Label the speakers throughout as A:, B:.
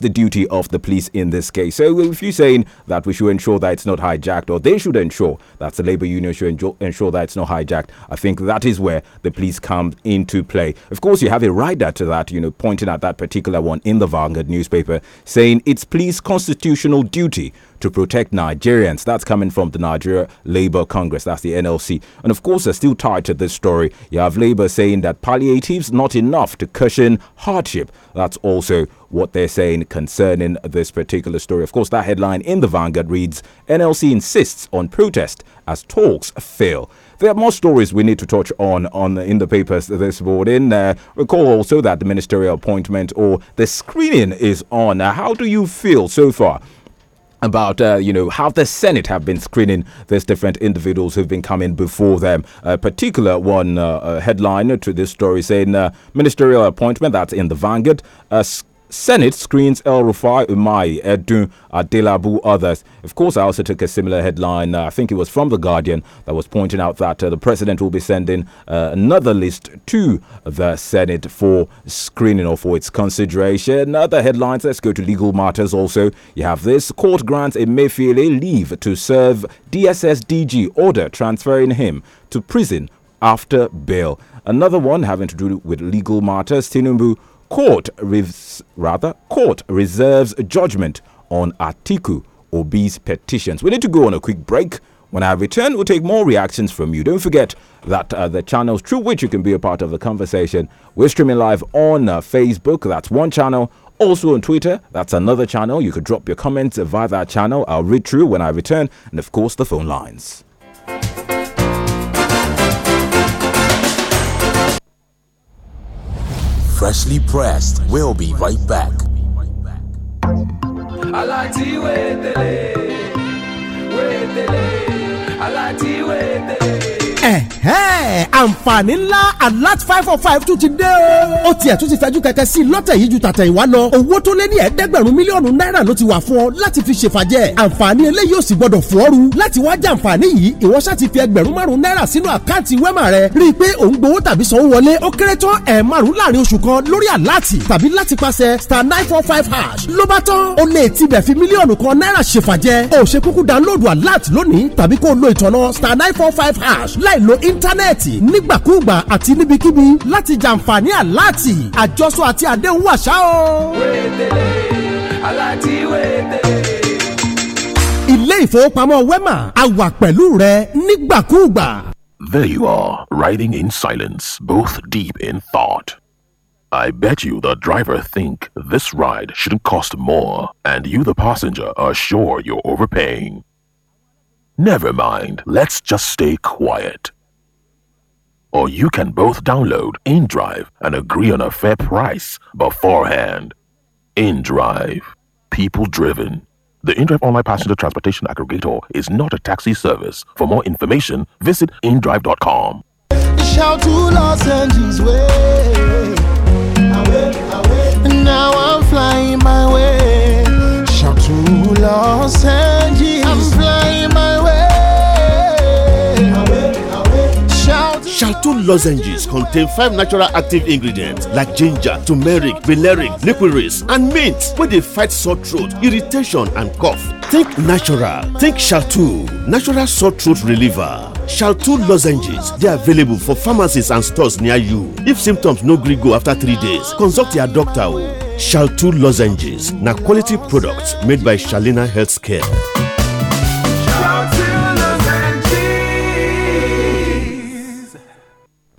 A: the duty of the police in this case. So uh, if you're saying that we should ensure that it's not hijacked, or they should ensure that the labor union should ensure that it's not hijacked, I think that is where the police come into play. Of course, you have a rider to that, you know, pointing at that particular one in the Vanguard newspaper, saying it's police constitutional duty to protect Nigerians. That's coming from the Nigeria Labour Congress, that's the NLC. And of course, they're still tied to this story. You have Labour saying that palliatives not enough to cushion hardship. That's also what they're saying concerning this particular story. Of course, that headline in the Vanguard reads NLC insists on protest as talks fail. There are more stories we need to touch on on in the papers this morning. Uh, recall also that the ministerial appointment or the screening is on. Uh, how do you feel so far about uh, you know how the Senate have been screening these different individuals who've been coming before them. A particular one uh, headline to this story saying uh, ministerial appointment that's in the vanguard. Uh, Senate screens El Rufai Umai, Edun Adelabu, others. Of course, I also took a similar headline, uh, I think it was from The Guardian, that was pointing out that uh, the president will be sending uh, another list to the Senate for screening or for its consideration. Other headlines, let's go to legal matters also. You have this court grants a Emefiele leave to serve DSS DG order transferring him to prison after bail. Another one having to do with legal matters, Tinubu court res- rather court reserves judgment on Atiku Obi's petitions. We need to go on a quick break. When I return, we'll take more reactions from you. Don't forget that uh, the channels through which you can be a part of the conversation. We're streaming live on uh, Facebook. That's one channel. Also on Twitter, that's another channel. You could drop your comments via that channel. I'll read through when I return, and of course, the phone lines.
B: Freshly pressed. We'll be right back.
C: I like to wait the the
D: àǹfààní ńlá alert five four five tún ti dé o. ó tiẹ̀ tún ti fẹ́jú kẹ̀kẹ́ sí lọ́tẹ̀ yìí ju tàtẹ̀ ìwá lọ. owó tó lé ní ẹ̀ẹ́dẹ́gbẹ̀rún mílíọ̀nù náírà ló ti wà fún ọ láti fi ṣèfàjẹ́. àǹfààní eléyìí ò sì gbọdọ̀ fún ọ ru. láti wá jẹ àǹfààní yìí ìwọ ti fi ẹgbẹ̀rún márùn náírà sínú àkáǹtì wẹ́mà rẹ. rí i pé ò ń gbowó tàbí sanwó wọlé ó kéré tán ẹ̀ márùn láàrin oṣù kan lórí àláàtì tàbí láti pàṣẹ star nine four five hash ló bá tán. o lè tibẹ̀ fi mílíọ̀nù kan náírà ṣèfàjẹ́. o ṣe kúkú download alert lónìí tàbí kó o lo ìtọ̀nà star nine four five hash láì lo íńtánẹ́ẹ̀tì nígbàkúùgbà àti níbikíbi láti jàǹfààní àláàtì àjọsọ àti àdéhùn àṣà o.
E: ilé ìfowópamọ́ wema a wà
F: pẹ̀lú rẹ
B: nígbàkúùgbà. There you are, riding in silence, both deep in thought. I bet you the driver think this ride shouldn't cost more, and you the passenger are sure you're overpaying. Never mind, let's just stay quiet or you can both download InDrive and agree on a fair price beforehand. InDrive. People driven. The InDrive Online Passenger Transportation Aggregator is not a taxi service. For more information, visit indrive.com.
D: Shout to Los Angeles way. Now I'm flying my
G: way. Shout to Los Angeles. Shalto lozenges contain five
D: natural active ingredients like ginger, turmeric, valeric, licorice, and mint where they fight sore throat, irritation, and cough. Think natural, think Shalto, natural sore throat reliever. Shalto lozenges They are available for pharmacies and stores near you. If symptoms no gree after three days, consult your doctor Shalto oh. lozenges na quality product made by Shalina Healthcare.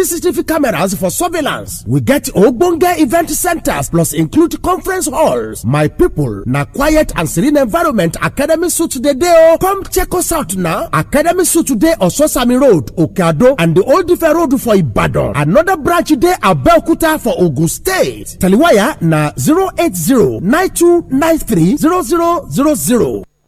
D: CCTV cameras for surveillance. We get ogbonge event centers plus include conference halls. My people na quiet and serene environment Academy Suit today. dey o. Come check us out now. Academy Suit dey Ososami Road, Okeado and the Old Ife Road for Ibadan. Another branch
G: dey Abeokuta for Ogun State. Taliwaya na 080 9293 0000.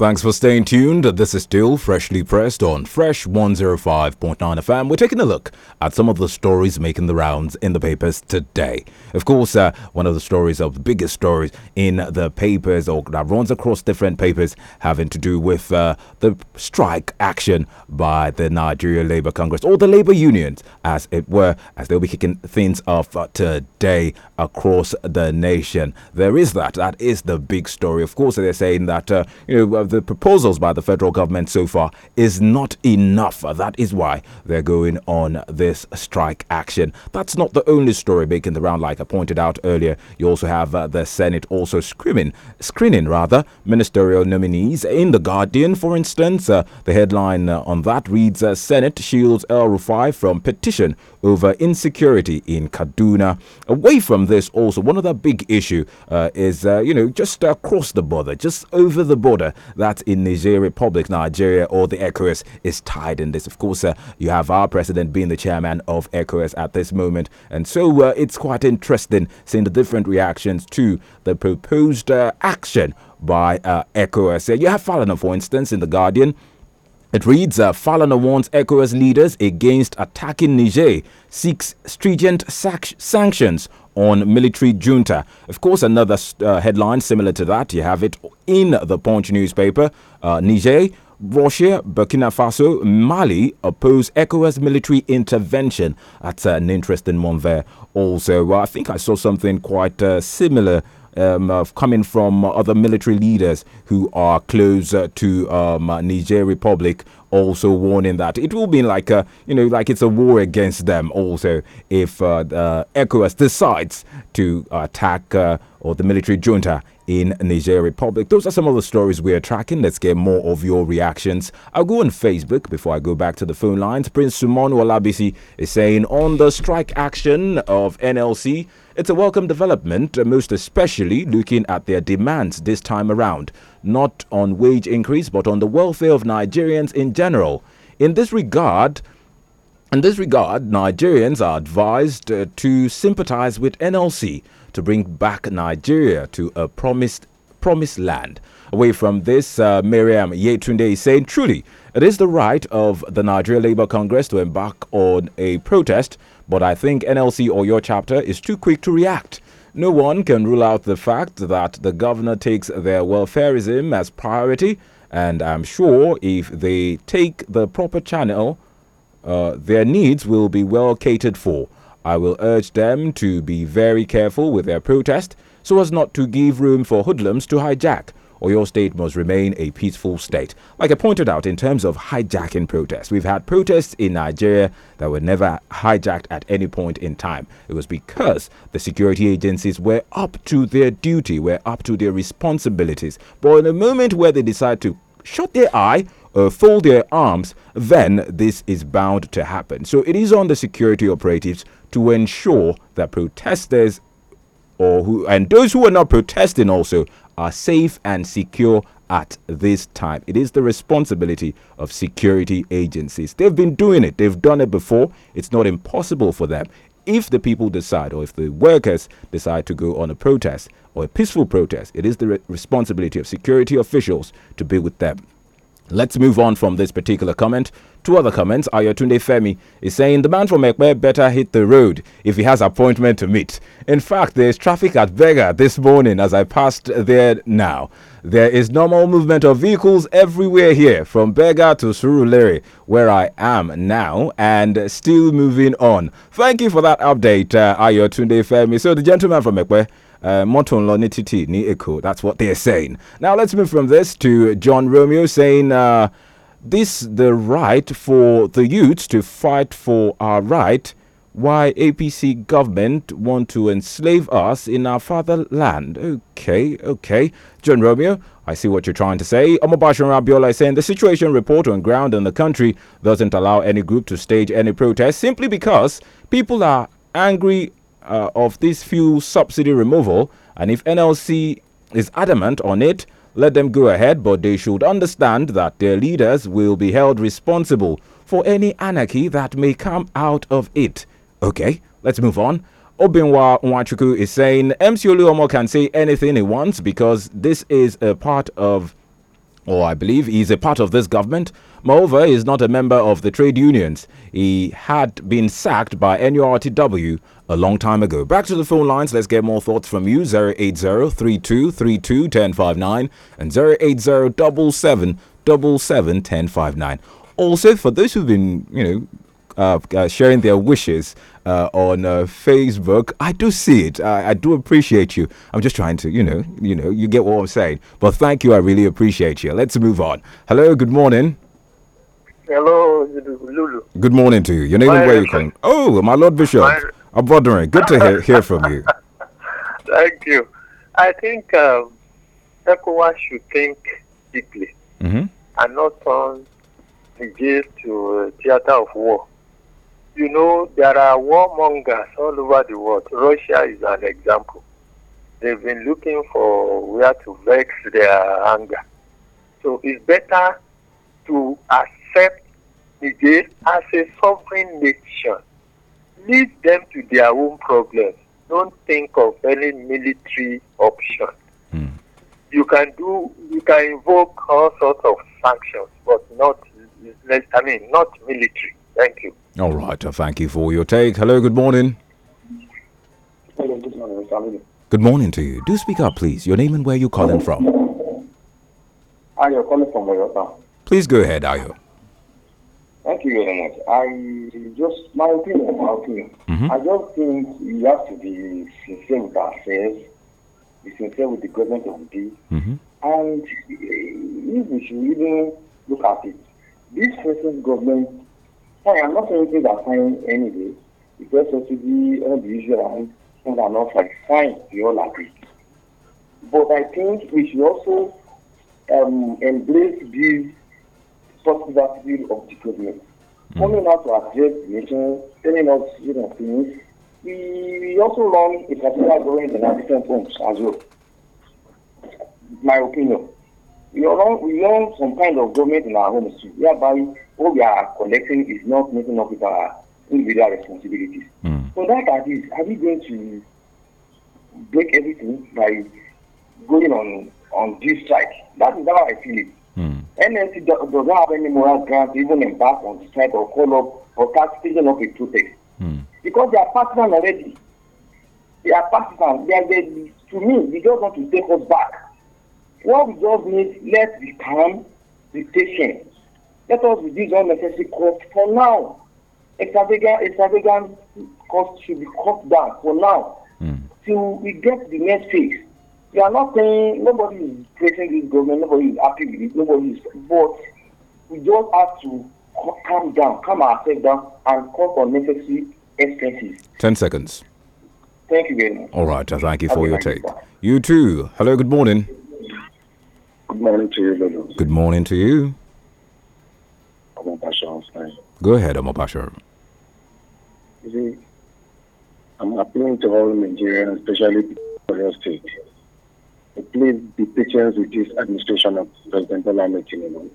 A: Thanks for staying tuned. This is still freshly pressed on Fresh 105.9 FM. We're taking a look at some of the stories making the rounds in the papers today. Of course, uh, one of the stories of the biggest stories in the papers or that runs across different papers having to do with uh, the strike action by the Nigeria Labour Congress or the Labour Unions, as it were, as they'll be kicking things off uh, today across the nation. There is that. That is the big story. Of course, they're saying that, uh, you know, the proposals by the federal government so far is not enough. That is why they're going on this strike action. That's not the only story making the round. Like I pointed out earlier, you also have uh, the Senate also screening, screening rather ministerial nominees in the Guardian, for instance. Uh, the headline uh, on that reads: uh, Senate shields El Rufai from petition over insecurity in Kaduna. Away from this, also, one other big issue uh, is, uh, you know, just across the border, just over the border, that in Nigeria, Republic, Nigeria, or the ECOWAS is tied in this. Of course, uh, you have our president being the chairman of ECOWAS at this moment. And so uh, it's quite interesting seeing the different reactions to the proposed uh, action by uh, ECOWAS. you have Falana, for instance, in The Guardian it reads uh, Falana warns ECOWAS leaders against attacking Niger, seeks stringent sanctions on military junta. Of course, another uh, headline similar to that, you have it in the Punch newspaper uh, Niger. Russia, Burkina Faso, Mali oppose ECOWAS military intervention. That's uh, an interesting one there. Also, I think I saw something quite uh, similar um, coming from other military leaders who are close to um, Niger Republic also warning that it will be like a you know like it's a war against them also if uh, ECOWAS decides to attack uh, or the military junta in Niger Republic. Those are some of the stories we are tracking. Let's get more of your reactions. I'll go on Facebook before I go back to the phone lines. Prince Sumon Walabisi is saying on the strike action of NLC. It's a welcome development, uh, most especially looking at their demands this time around, not on wage increase but on the welfare of Nigerians in general. In this regard, in this regard, Nigerians are advised uh, to sympathize with NLC to bring back Nigeria to a promised promised land. Away from this, uh, Miriam Yetunde is saying, truly, it is the right of the Nigeria Labour Congress to embark on a protest but I think NLC or your chapter is too quick to react. No one can rule out the fact that the governor takes their welfareism as priority, and I'm sure if they take the proper channel, uh, their needs will be well catered for. I will urge them to be very careful with their protest so as not to give room for hoodlums to hijack. Oyo State must remain a peaceful state. Like I pointed out, in terms of hijacking protests, we've had protests in Nigeria that were never hijacked at any point in time. It was because the security agencies were up to their duty, were up to their responsibilities. But in a moment where they decide to shut their eye, uh, fold their arms, then this is bound to happen. So it is on the security operatives to ensure that protesters or who and those who are not protesting also are safe and secure at this time. It is the responsibility of security agencies. They've been doing it, they've done it before. It's not impossible for them. If the people decide, or if the workers decide to go on a protest or a peaceful protest, it is the re responsibility of security officials to be with them. Let's move on from this particular comment. Two other comments. Ayotunde Femi is saying the man from Ekwe better hit the road if he has appointment to meet. In fact, there is traffic at Bega this morning as I passed there now. There is normal movement of vehicles everywhere here, from Bega to Surulere, where I am now, and still moving on. Thank you for that update, uh, Ayotunde Femi. So the gentleman from Ekwe, mọ́tò Loni títì ní Èkó. That's what they are saying. Now let's move from this to John Romeo saying. Uh, this the right for the youths to fight for our right. Why APC government want to enslave us in our fatherland? Okay, okay. John Romeo, I see what you're trying to say. Omobashan Rabiola is saying the situation report on ground in the country doesn't allow any group to stage any protest simply because people are angry uh, of this fuel subsidy removal. And if NLC is adamant on it, let them go ahead, but they should understand that their leaders will be held responsible for any anarchy that may come out of it. Okay, let's move on. Obinwa Nwachuku is saying MC Oluomo can say anything he wants because this is a part of, or I believe he's a part of this government Moreover, he is not a member of the trade unions. He had been sacked by NURTW a long time ago. Back to the phone lines. Let's get more thoughts from you. 080-3232-1059 and 080-777-1059. Also, for those who've been, you know, uh, uh, sharing their wishes uh, on uh, Facebook. I do see it. I, I, do appreciate you. I'm just trying to, you know, you know, you get what I'm saying. But thank you. I really appreciate you. Let's move on. Hello. Good morning.
H: Hello, Lulu.
A: Good morning to you. Your name and where you come. Oh, my Lord Bishop. I'm wondering. Good to hear, hear from you.
H: Thank you. I think um, ECOWAS should think deeply mm -hmm. and not turn the jail to a uh, theater of war. You know, there are warmongers all over the world. Russia is an example. They've been looking for where to vex their anger. So it's better to accept accept Niger as a sovereign nation. Leave them to their own problems. Don't think of any military option. Mm. You can do, you can invoke all sorts of sanctions, but not, I mean, not military. Thank you.
A: All right. thank you for your take. Hello. Good morning.
H: Hello, good morning.
A: Good morning to you. Do speak up, please. Your name and where you calling from.
H: Ayo, calling from
A: Town. Please go ahead, Ayo.
H: Thank you very much. I just, my opinion, my opinion. Mm-hmm. I just think we have to be sincere with ourselves, be sincere with the government of the day. Mm-hmm. And if we should even look at it, this present government, I am not saying things are fine anyway, because be on the usual and things are not like fine, we all agree. But I think we should also um, embrace these popular of the problem. Mm. Coming out to address the nation, telling us, you know, things. We also run a particular government in our different homes as well. My opinion. We run, we run some kind of government in our homes too, whereby what we are collecting is not making up with our individual responsibilities. Mm. So that are these. Are we going to break everything by going on on this strike? That is how I feel it. Mm. NNC does, not have any moral grounds even embark on strike or call up for taxation of a protest. Mm. Because they are partisan already. They are partisan. They are, they, to me, they just want to take us back. What we just need, let's be calm, be patient. Let us reduce unnecessary costs for now. Extravagant, extravagant costs should be cut down for now. Mm. Till we get the next phase. You are not saying nobody is praising this government, nobody is happy with it, nobody is. But we just have to calm down, calm ourselves down, and cut unnecessary expenses.
A: 10 seconds.
H: Thank you very much.
A: All right, thank you for your take. You too. Hello, good morning.
H: Good morning to you, Lulu.
A: Good morning to you. I'm Go ahead, Omopasha.
H: You see, I'm appealing to all Nigerians, especially Oyo State please be patient with this administration of President Bola Tinubu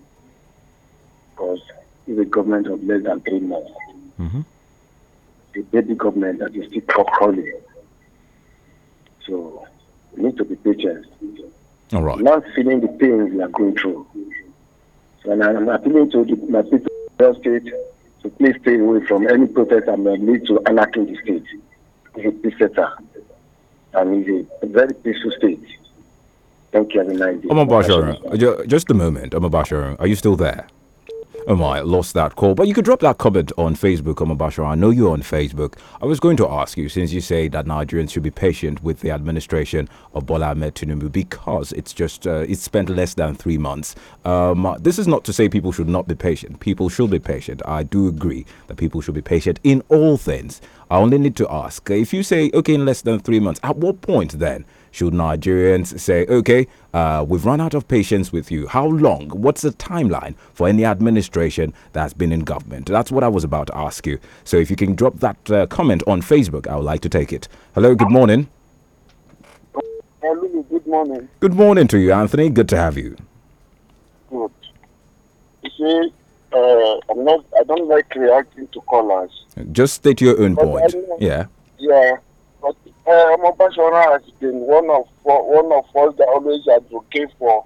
H: because he's a government of less than three months. Mm-hmm. The baby government that is still crawling. So we need to be patient. All right. Not feeling the pains we are going through. So, and I'm appealing to the, my people in state to please stay away from any protest that may lead to anarchy in the state. It's a peace setter and it's a very peaceful state. Thank you. Have a nice day. Omar Bashar,
A: just a moment. Omar Bashar, are you still there? Oh my, lost that call. But you could drop that comment on Facebook, Omar Bashar. I know you're on Facebook. I was going to ask you, since you say that Nigerians should be patient with the administration of Bola Ahmed Tinubu because it's just uh, it's spent less than three months. Um, this is not to say people should not be patient. People should be patient. I do agree that people should be patient in all things. I only need to ask if you say okay in less than three months. At what point then? Should Nigerians say, okay, uh, we've run out of patience with you? How long? What's the timeline for any administration that's been in government? That's what I was about to ask you. So if you can drop that uh, comment on Facebook, I would like to take it. Hello, good morning.
H: good morning.
A: Good morning to you, Anthony. Good to have you.
H: Good. You see, uh, I'm not. I don't like reacting to callers.
A: Just state your own but point. Yeah.
H: Yeah, but uh, eh, Mopashoran has been one of one of us that always advocate for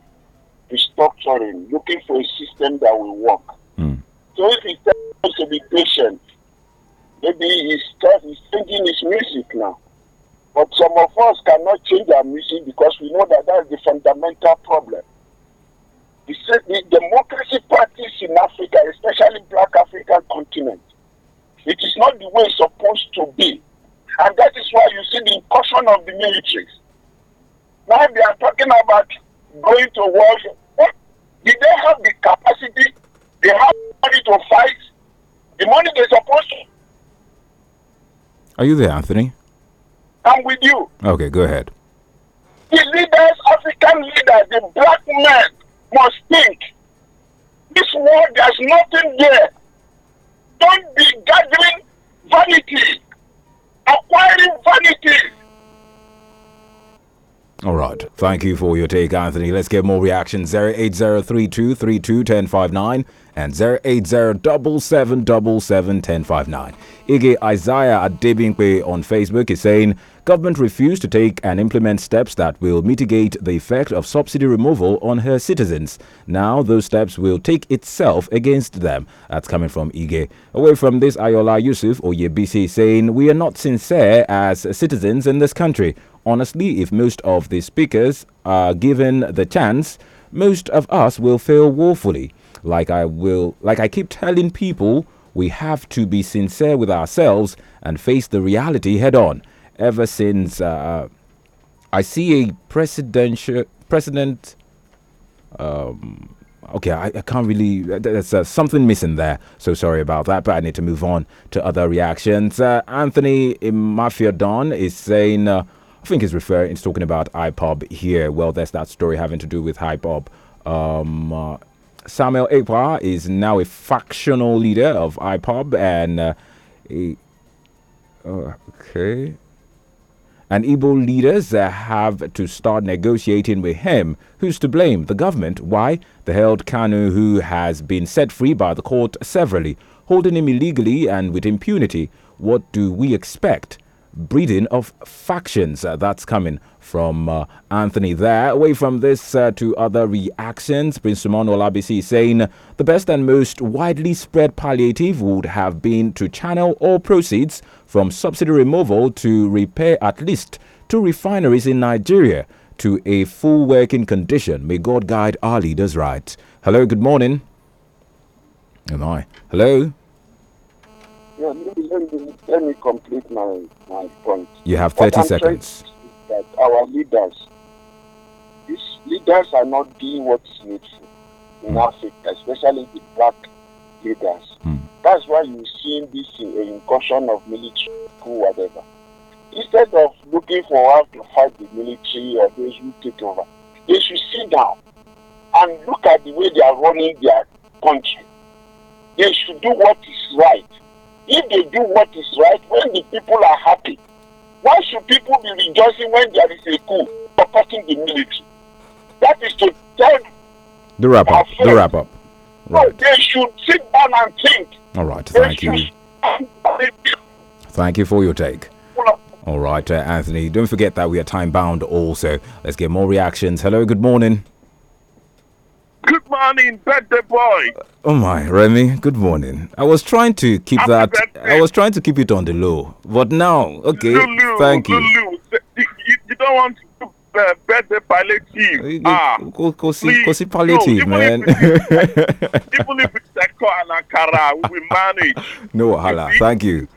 H: restructuring, looking for a system that will work. Mm. So if he tells to be patient, maybe he's, he's changing his music now. But some of us cannot change our music because we know that that's the fundamental problem. The, the democracy parties in Africa, especially black African continent, it is not the way it's supposed to be. And that is why you see the incursion of the militaries.
I: Now they are talking about going to war. Did they have the capacity? They have money to fight? The money they're supposed to.
A: Are you there, Anthony?
I: I'm with you.
A: Okay, go ahead.
I: The leaders, African leaders, the black men must think.
H: This war, there's nothing there. Don't be gathering vanity acquiring vanity.
A: All right. Thank you for your take, Anthony. Let's get more reactions. 08032321059 and 08077771059. Ige Isaiah at Adebingbe on Facebook is saying, Government refused to take and implement steps that will mitigate the effect of subsidy removal on her citizens. Now those steps will take itself against them. That's coming from Ige. Away from this, Ayola Yusuf Oyebisi saying, We are not sincere as citizens in this country. Honestly, if most of the speakers are given the chance, most of us will fail woefully. Like I will like I keep telling people, we have to be sincere with ourselves and face the reality head on ever since uh, uh, I see a presidential president. Um, okay, I, I, can't really. There's uh, something missing there. So sorry about that, but I need to move on to other reactions. Uh, Anthony Mafia Don is saying, uh, I think he's referring, he's talking about IPOB here. Well, there's that story having to do with IPOB. Um, uh, Samuel Ekwa is now a factional leader of IPOB and. Uh, he, oh, okay and Igbo leaders uh, have to start negotiating with him. Who's to blame? The government. Why? The held Kanu, who has been set free by the court severally, holding him illegally and with impunity. What do we expect? breeding of factions. Uh, that's coming from uh, Anthony there. Away from this uh, to other reactions, Prince Simon Olabisi saying the best and most widely spread palliative would have been to channel all proceeds from subsidy removal to repair at least two refineries in Nigeria to a full working condition. May God guide our leaders right. Hello, good morning. Am I? Hello?
H: Yeah, let me, let me, let me complete my, my point. You have 30 seconds. That our leaders, these leaders are not doing what's needful in mm. Africa, especially the black leaders. Mm. That's why you're seeing this uh, incursion of military, whatever. Instead of looking for how to fight the military or those who take over, they should sit down and look at the way they are running their country. They should do what is right. If they do what is right, when the people are happy, why should people be rejoicing when there is a coup
I: supporting the military? That is to tell.
A: The wrap up. The wrap up. Right.
I: They should sit down and think.
A: All right. Thank you. Thank you for your take. All right, uh, Anthony. Don't forget that we are time bound also. Let's get more reactions. Hello, good morning.
I: Good morning, birthday boy.
A: oh my, Remy. Good morning. I was trying to keep Happy that. Birthday. I was trying to keep it on the low, but now, okay. Lulu, thank Lulu.
I: you. you. You don't want uh, better palliative. It, ah, kò sí kò sí palliative, no, man. Even if, even if it's and Ankara, we manage.
A: No wahala. Thank you.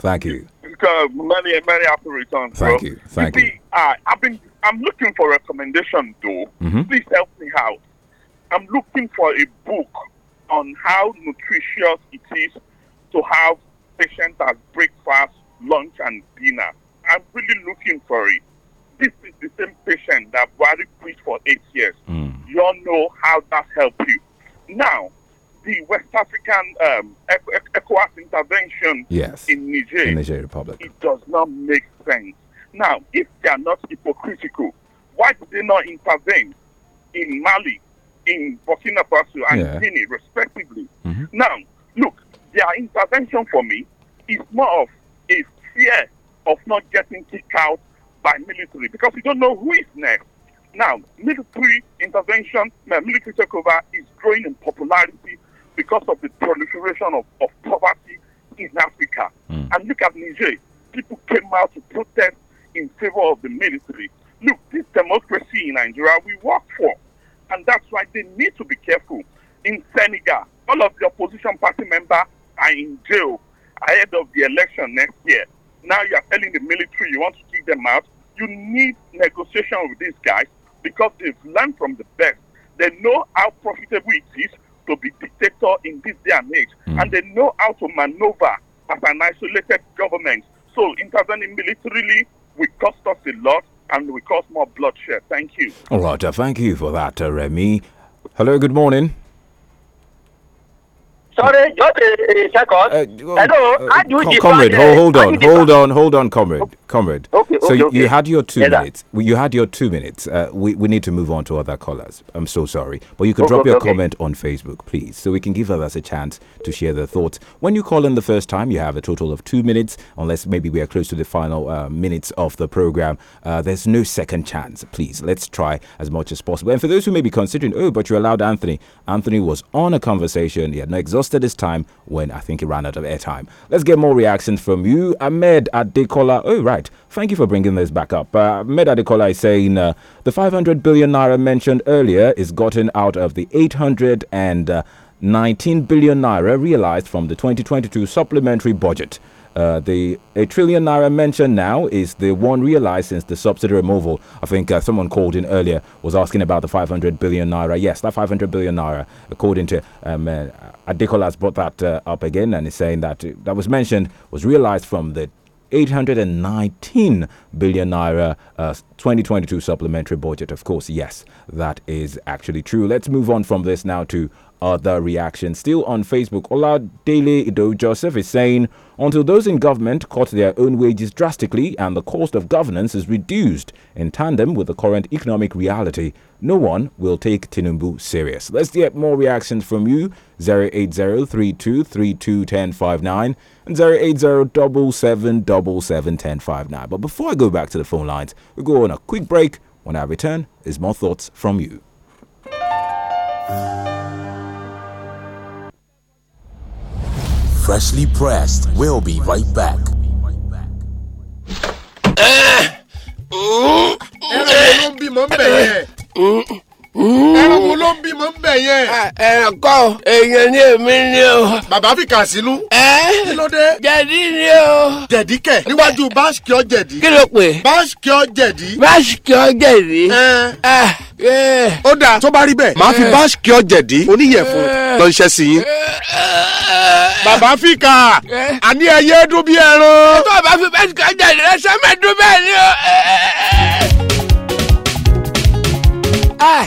A: Thank you.
I: Because many, many have to return. Thank bro. you. Thank you. See, Uh, ah, I've been, I'm looking for recommendation though. Mm -hmm. Please help me out. I'm looking for a book on how nutritious it is to have patients as breakfast, lunch, and dinner. I'm really looking for it. This is the same patient that Buhari preached for eight years. Mm. You all know how that helped you. Now, the West African um, ECOWAS intervention yes. in Niger, in Niger Republic, it does not make sense. Now, if they are not hypocritical, why did they not intervene in Mali, in Burkina Faso, and yeah. Guinea, respectively? Mm-hmm. Now, look, their intervention for me is more of a fear of not getting kicked out by military because we don't know who is next. Now, military intervention, uh, military takeover is growing in popularity because of the proliferation of, of poverty in Africa. Mm. And look at Niger. People came out to protest in favor of the military. Look, this democracy in Nigeria we work for. And that's why they need to be careful. In Senegal, all of the opposition party members are in jail ahead of the election next year. Now you are telling the military you want to kick them out you need negotiation with these guys because they've learned from the best. They know how profitable it is to be dictator in this day and age, mm. and they know how to maneuver as an isolated government. So intervening militarily will cost us a lot and will cause more bloodshed. Thank you.
A: All right, uh, thank you for that, uh, Remy. Hello, good morning.
I: Sorry, just a, a second. Uh, well, uh, uh, Hello, oh, uh, com- comrade, uh, hold, hold on, hold
A: on, hold on, comrade, comrade. Okay, okay, so you, okay. you had your two minutes. You had your two minutes. Uh, we we need to move on to other callers. I'm so sorry, but you can drop your comment on Facebook, please, so we can give others a chance to share their thoughts. When you call in the first time, you have a total of two minutes, unless maybe we are close to the final minutes of the program. there's no second chance. Please, let's try as much as possible. And for those who may be considering, oh, but you allowed Anthony. Anthony was on a conversation. He had no exhaustion announced this time when I think he ran out of airtime. Let's get more reactions from you. Ahmed Adekola. Oh, right. Thank you for bringing this back up. Uh, Ahmed Adekola is saying uh, the 500 billion naira mentioned earlier is gotten out of the 819 uh, billion naira realized from the 2022 supplementary budget. Uh, the a trillion naira mentioned now is the one realized since the subsidy removal. I think uh, someone called in earlier was asking about the 500 billion naira. Yes, that 500 billion naira, according to um, uh, Adikola has brought that uh, up again and is saying that that was mentioned was realized from the 819 billion naira uh, 2022 supplementary budget. Of course, yes, that is actually true. Let's move on from this now to other reactions. Still on Facebook, Ola Daily Ido Joseph is saying until those in government cut their own wages drastically and the cost of governance is reduced in tandem with the current economic reality. No one will take Tinubu serious. Let's get more reactions from you 08032321059 and 08077771059. But before I go back to the phone lines, we we'll go on a quick break. When I return, is more thoughts from you. Freshly pressed. We'll be right back.
J: Uh, uh,
E: uh, ẹranko ló ń bímọ ń bẹ̀ yẹn. Ah, ẹranko
D: èèyàn ni èmi ni o. bàbá fi kà sínú. ẹ kí ló dé. jẹ̀dí ni o. jẹ̀dí kẹ̀ níwájú báṣkìọ́ jẹ̀dí. kí ló pè. báṣkìọ́ jẹ̀dí. báṣkìọ́ jẹ̀dí. Ah, eh. ó dáa tó bá rí bẹ́ẹ̀ máa fi eh. báṣkìọ́ jẹ̀dí oníyẹ̀fun eh. lọ iṣẹ́ sí
J: yín. bàbá fi kà àní ẹyẹ
D: dún bí ẹran.
J: tó
B: bá fi báṣkìọ́ jẹ̀dí rẹ sẹ́mẹ̀ẹ́dún bẹ́ẹ̀
E: Ah!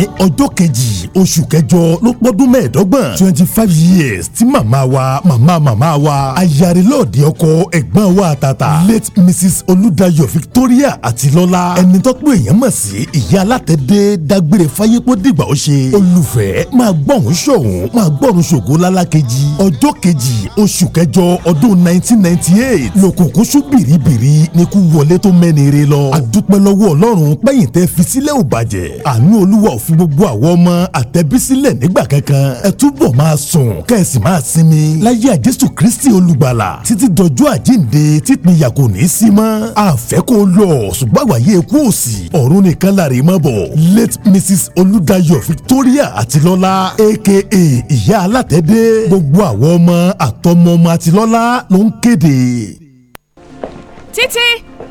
D: òní ọjọ́ kejì oṣù kẹjọ ló pọ́dún mẹ́ẹ̀ẹ́dọ́gbọ̀n twenty five years tí màmá wa màmá màmá wa ayarelóòdì ọkọ ẹ̀gbọ́n wa tata late mrs olùdáyọ̀ victoria àtilọ́lá ẹni tọ́pọ̀ èèyàn mọ̀ sí ìyá alátẹ̀dẹ́ dágbére fáyépọ̀ dìgbà ó ṣe olùfẹ́ máa gbọ́hùn ṣọ̀hún máa gbọ́hùn ṣògo lálá kejì ọjọ́ kejì oṣù kẹjọ ọdún nineteen ninety eight lòkùnkùn ṣú bìrìbìrì ni kú wọlé tó mẹ́ni re lọ àdúpẹ́ lọ́wọ́ ọlọ́run pẹ́yìntẹ́ fi sílẹ̀ ò àánú olúwa òf fún gbogbo àwọn ọmọ àtẹ̀bísílẹ̀ nígbà kankan ẹ túbọ̀ máa sùn kẹ́sì máa sinmi láyé àjẹsù kristi olùgbàlà títí dọjọ́ àjíǹde típínyà kò ní í sí mọ́ àfẹ́ kó lọ ṣùgbọ́n àwàyé ikú e òsì ọ̀run nìkan láre mọ́ bọ̀ late mrs olùdáyọ̀ victoria àtilọ́lá aka ìyá alátẹ̀dé gbogbo àwọn ọmọ àtọmọ ọmọ àtilọ́lá ló ń kéde.
K: títí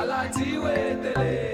C: aláti wé tẹ̀lé.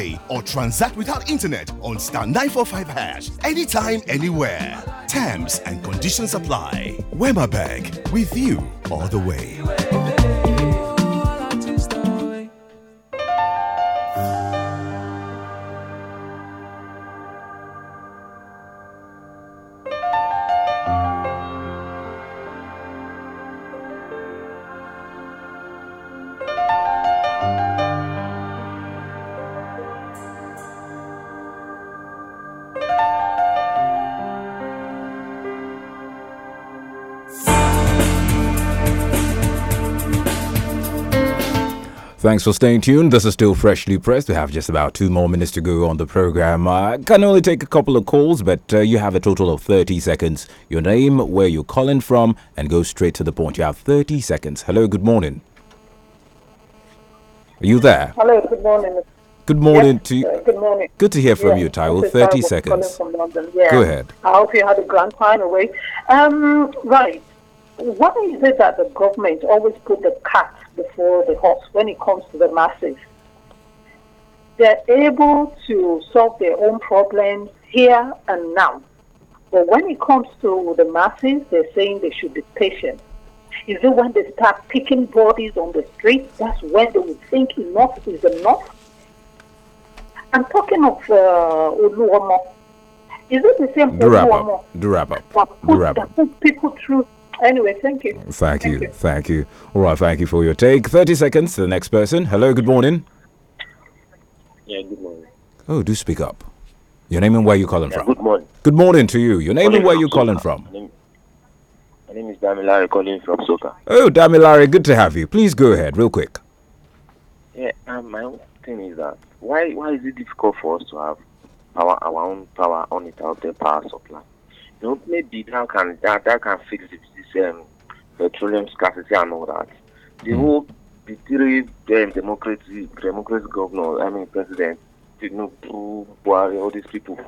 I: pay or transact without internet on star 945 hash anytime, anywhere. Terms and conditions apply. Wemma Bank with you
L: all the way.
A: Thanks for staying tuned. This is still freshly pressed. We have just about two more minutes to go on the program. I can only take a couple of calls, but uh, you have a total of 30 seconds. Your name, where you're calling from, and go straight to the point. You have 30 seconds. Hello, good morning. Are you there?
H: Hello, good morning.
A: Good morning yes, to you. good
H: morning. Good to hear from yes, you, Taiwo. 30 seconds. Yeah. Go ahead. I hope you had a grand time away. Um, right. Why is it that the government always put the cat before the horse when it comes to the masses. They're able to solve their own problems here and now. But when it comes to the masses, they're saying they should be patient. Is it when they start picking bodies on the street, that's when they will think enough is enough? I'm talking of uh, Oluomo. Is it the same Duraba, Oluomo
A: Duraba, that, put, Duraba. that
H: put people through Anyway, thank you. Thank,
E: thank you. you.
A: Thank you. All right. Thank you for your take. 30 seconds to the next person. Hello. Good morning. Yeah, good morning. Oh, do speak up. Your name and where you calling yeah, from. Good morning. Good morning to you. Your name morning, and where you calling from. My
H: name, my name is Damilare calling from Soka.
A: Oh, Damilare, good to have you. Please go ahead, real quick.
H: Yeah, um, my thing is that why why is it difficult for us to have our own power on it out there power supply? You know, maybe that can that, that can fix it petroleum scarcity and all that. The whole the three um, democracy, democracy governor, I mean president, Tinubu, Buhari, all these people,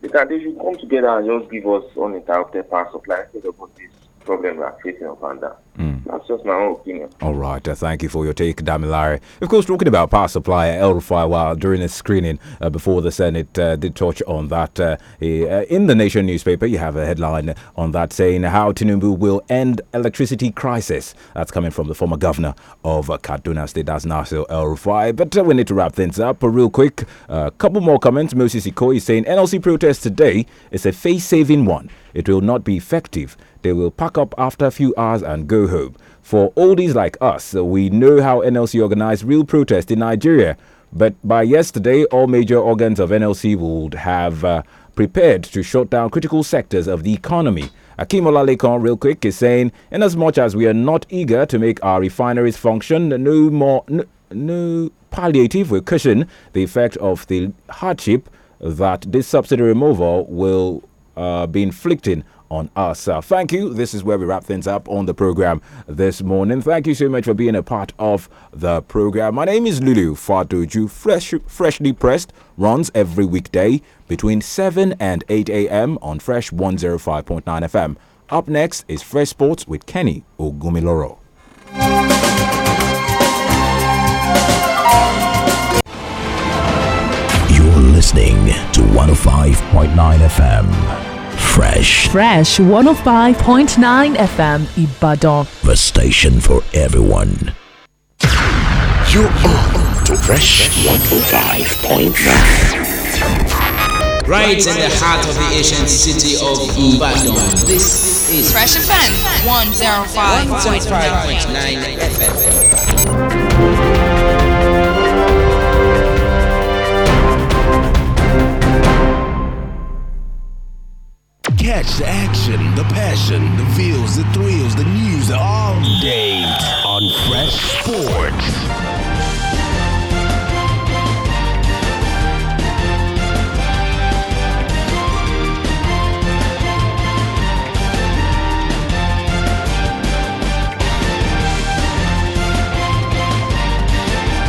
H: they, can, they should come together and just give us uninterrupted power supply instead of this problem we are facing of Honda. Mm. That's just my own opinion.
A: All right. Uh, thank you for your take, Damilare. Of course, talking about power supply, El Rufai, while during his screening uh, before the Senate uh, did touch on that. Uh, uh, in the Nation newspaper, you have a headline on that saying how Tinubu will end electricity crisis. That's coming from the former governor of Kaduna State, that's Nasir El Rufai. But uh, we need to wrap things up real quick. A couple more comments. Moses Ikoi is saying NLC protest today is a face-saving one. It will not be effective they will pack up after a few hours and go home. For oldies like us, we know how NLC organized real protest in Nigeria. But by yesterday, all major organs of NLC would have uh, prepared to shut down critical sectors of the economy. Akim Olalekan, real quick, is saying, in as much as we are not eager to make our refineries function, no more, no, no palliative will cushion the effect of the hardship that this subsidy removal will uh, be inflicting on us. Uh, thank you. This is where we wrap things up on the program this morning. Thank you so much for being a part of the program. My name is Lulu Fadoju Fresh, freshly pressed runs every weekday between 7 and 8 a.m. on Fresh 105.9 FM. Up next is Fresh Sports with Kenny Ogumiloro. You're listening
M: to 105.9 FM. Fresh.
J: Fresh 105.9 FM Ibadan.
M: The station for everyone.
B: You are to
M: Fresh 105.9.
N: Right in the heart of the ancient city of Ibadan. This
J: is
K: Fresh FM 105.9
J: FM.
G: Catch the action, the passion,
O: the feels, the thrills, the news all day on Fresh Sports.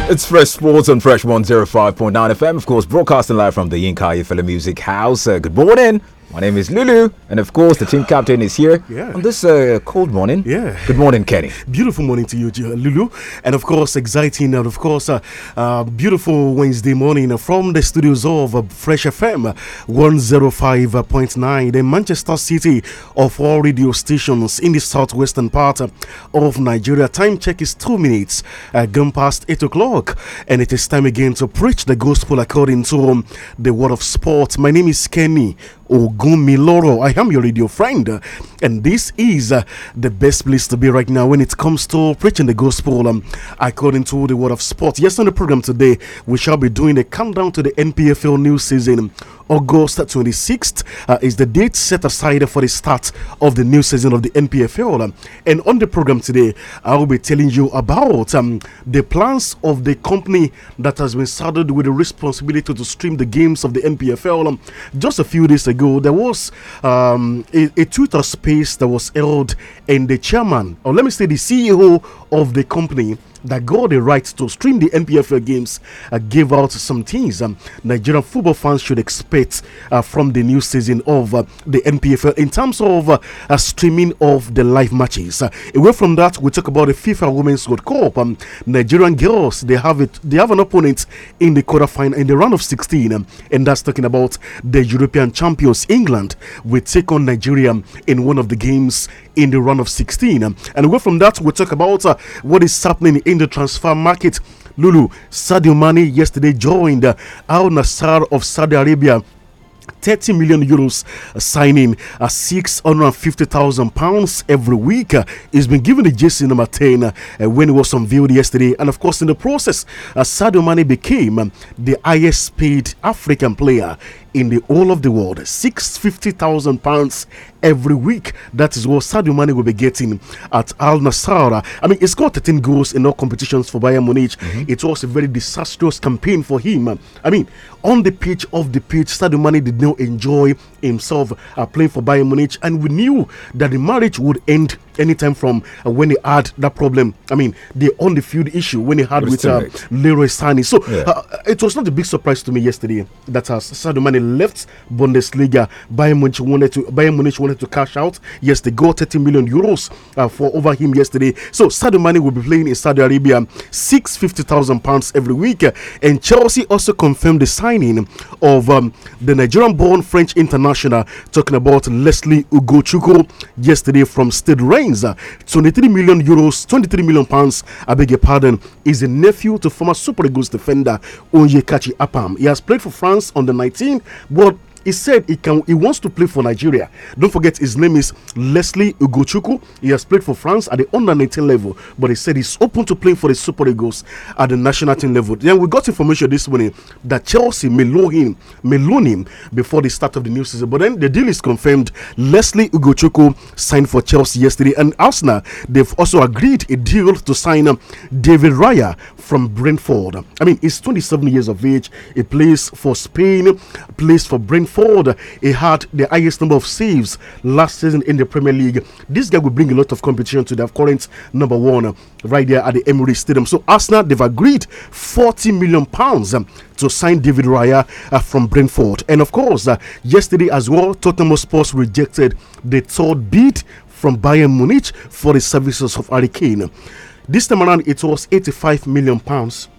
A: It's Fresh Sports on Fresh 105.9 FM, of course, broadcasting live from the Yinka Fella Music House. Uh, good morning my name is Lulu, and of course, the team captain is here yeah. on this uh, cold morning. Yeah. Good morning, Kenny. Beautiful morning to you, Lulu, and of course,
D: exciting and of course, uh, uh, beautiful Wednesday morning from the studios of uh, Fresh FM 105.9, the Manchester City of all radio stations in the southwestern part uh, of Nigeria. Time check is two minutes, uh, gone past eight o'clock, and it is time again to preach the gospel according to um, the word of sport. My name is Kenny Ogumiloro. I am your radio friend, uh, and this is uh, the best place to be right now when it comes to preaching the gospel um, according to the word of sport. Yes, on the program today, we shall be doing a countdown to the NPFL new season. August 26th uh, is the date set aside for the start of the new season of the NPFL. And on the program today, I will be telling you about um, the plans of the company that has been saddled with the responsibility to stream the games of the NPFL. just a few days ago, there was um, a, a Twitter space that was held, and the chairman, or let me say the CEO of the company, that got the right to stream the NPFL games uh, gave out some things um, Nigerian football fans should expect uh, from the new season of uh, the NPFL in terms of uh, streaming of the live matches. Uh, away from that, we talk about the FIFA Women's World Cup. Um, Nigerian girls they have it. They have an opponent in the quarterfinal in the round of 16, um, and that's talking about the European champions England. We take on Nigeria in one of the games in the round of 16. And away from that, we'll talk about uh, what is happening in the transfer market. Lulu, Sadio Mane yesterday joined uh, Al Nasr of Saudi Arabia 30 million euros uh, signing uh, 650,000 pounds every week. Uh, he's been given the jersey number 10 when it was unveiled yesterday. And of course, in the process, uh, Sadio Mane became the highest paid African player in the whole of the world. 650,000 pounds every week. That is what Sadio Mane will be getting at Al Nassr. I mean, he scored 13 goals in all competitions for Bayern Munich. Mm -hmm. It was a very disastrous campaign for him. I mean, on the pitch, off the pitch, Sadio Mane did not enjoy himself uh, playing for Bayern Munich, and we knew that the marriage would end anytime from uh, when they had that problem. I mean, the on the field issue when he had with uh, Leroy Sani. So yeah. Uh, uh, it was not a big surprise to me yesterday that as uh, Sadio Mane left Bundesliga, Bayern Munich wanted to Bayern Munich wanted to cash out. Yes, they got 30 million euros for over him yesterday. So Sadio Mane will be playing in Saudi Arabia, six fifty thousand pounds every week, and Chelsea also confirmed the signing of um, the Nigerian-born French international, talking about Leslie Ugochukwu yesterday from Stade Rennes. Uh, 23 million euros, 23 million pounds, I beg your pardon, is a nephew to former Super Eagles defender Onyekachi Apam. He has played for France under 19, but he said he can he wants to play for Nigeria. Don't forget his name is Leslie Ugochukwu. He has played for France at the under 19 level, but he said he's open to playing for the Super Eagles at the national team level. Then we got information this morning that Chelsea may loan him, may loan him before the start of the new season. But then the deal is confirmed. Leslie Ugochukwu signed for Chelsea yesterday, and Arsenal they've also agreed a deal to sign um, David Raya from Brentford. I mean, he's 27 years of age. He plays for Spain, plays for Brentford. Ford. He had the highest number of saves last season in the Premier League. This guy will bring a lot of competition to their current number one right there at the Emirates Stadium. So Arsenal they've agreed 40 million pounds um, to sign David Raya uh, from Brentford. And of course, uh, yesterday as well, Tottenham Sports rejected the third bid from Bayern Munich for the services of Harry Kane. This time around, it was 85 million pounds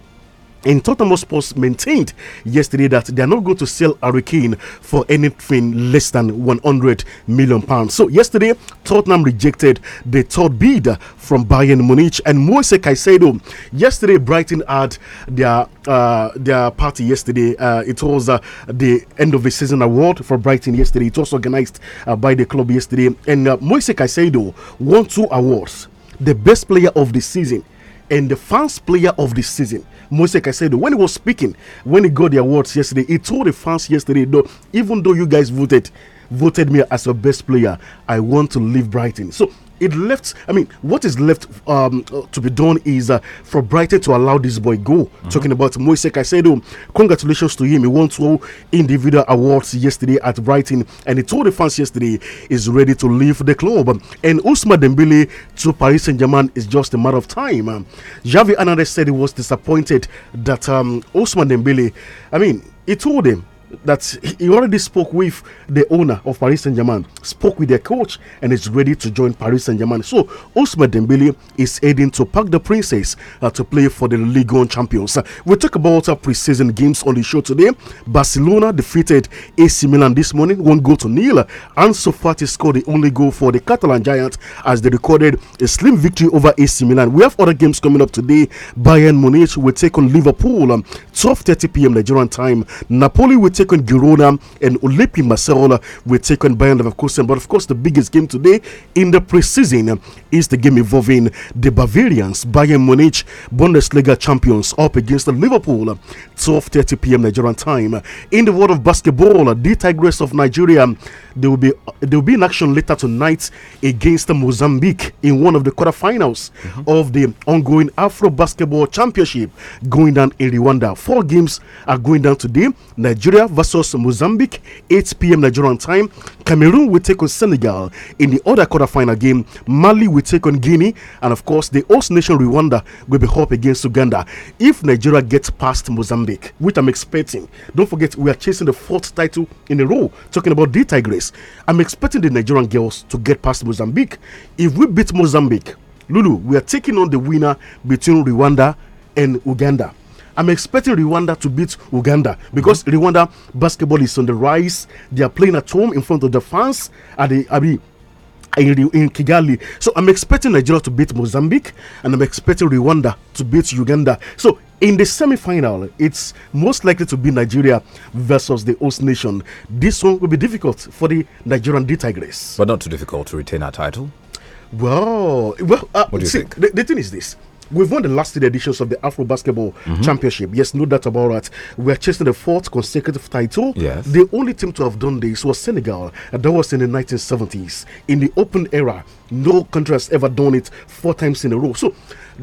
D: and Tottenham Sports maintained yesterday that they are not going to sell Harry Kane for anything less than 100 million pounds. So yesterday, Tottenham rejected the third bid from Bayern Munich and Moise Caicedo. Yesterday, Brighton had their uh, their party yesterday. Uh, it was uh, the end of the season award for Brighton yesterday. It was organized uh, by the club yesterday, and uh, Moise Caicedo won two awards: the best player of the season and the fans player of the season. Mose said when he was speaking, when he got the awards yesterday, he told the fans yesterday, though, even though you guys voted, voted me as your best player, I want to leave Brighton. So it left. I mean, what is left um, to be done is uh, for Brighton to allow this boy go. Mm -hmm. Talking about Moise Caicedo, congratulations to him. He won two individual awards yesterday at Brighton, and he told the fans yesterday is ready to leave the club. And Ousmane Dembele to Paris Saint Germain is just a matter of time. Um, Javi Hernandez said he was disappointed that um, Ousmane Dembele. I mean, he told him that he already spoke with the owner of Paris Saint Germain, spoke with their coach, and is ready to join Paris Saint Germain. So, Ousmane Dembele is heading to Park the Princess uh, to play for the league 1 champions. Uh, we talk about our uh, preseason games on the show today. Barcelona defeated AC Milan this morning, one goal to nil. and Sofàti scored the only goal for the Catalan Giants as they recorded a slim victory over AC Milan. We have other games coming up today. Bayern Munich will take on Liverpool, um, 12:30 p.m. Nigerian time. Napoli will Taken Girona, and Olepi Maserola will take on Bayern Leverkusen. But of course, the biggest game today in the preseason is the game involving the Bavarians, Bayern Munich, Bundesliga champions, up against the Liverpool, 12:30 p.m. Nigerian time. In the world of basketball, the Tigress of Nigeria, they will be they will be in action later tonight against Mozambique in one of the quarterfinals mm -hmm. of the ongoing Afro Basketball Championship going down in Rwanda. Four games are going down today. Nigeria versus Mozambique, 8 p.m. Nigerian time. Cameroon will take on Senegal in the other quarterfinal game. Mali will take on Guinea, and of course, the host nation Rwanda will be up against Uganda. If Nigeria gets past Mozambique, which I'm expecting, don't forget we are chasing the fourth title in a row. Talking about the Tigress, I'm expecting the Nigerian girls to get past Mozambique. If we beat Mozambique, Lulu, we are taking on the winner between Rwanda and Uganda. I'm expecting Rwanda to beat Uganda because mm -hmm. Rwanda basketball is on the rise. They are playing at home in front of the fans. At the, I in, Kigali. So I'm expecting Nigeria to beat Mozambique and I'm expecting Rwanda to beat Uganda. So in the semi final, it's most likely to be Nigeria versus the host nation. This one will be difficult for the Nigerian D Tigers. But not too difficult to retain our title. Well, well uh, what do you see, think? The, the thing is this We've won the last three editions of the Afro Basketball mm -hmm. Championship. Yes, no doubt about that. We are chasing the fourth consecutive title. Yes. The only team to have done this was Senegal. That was in the 1970s. In the open era, no country has ever done it four times in a row. So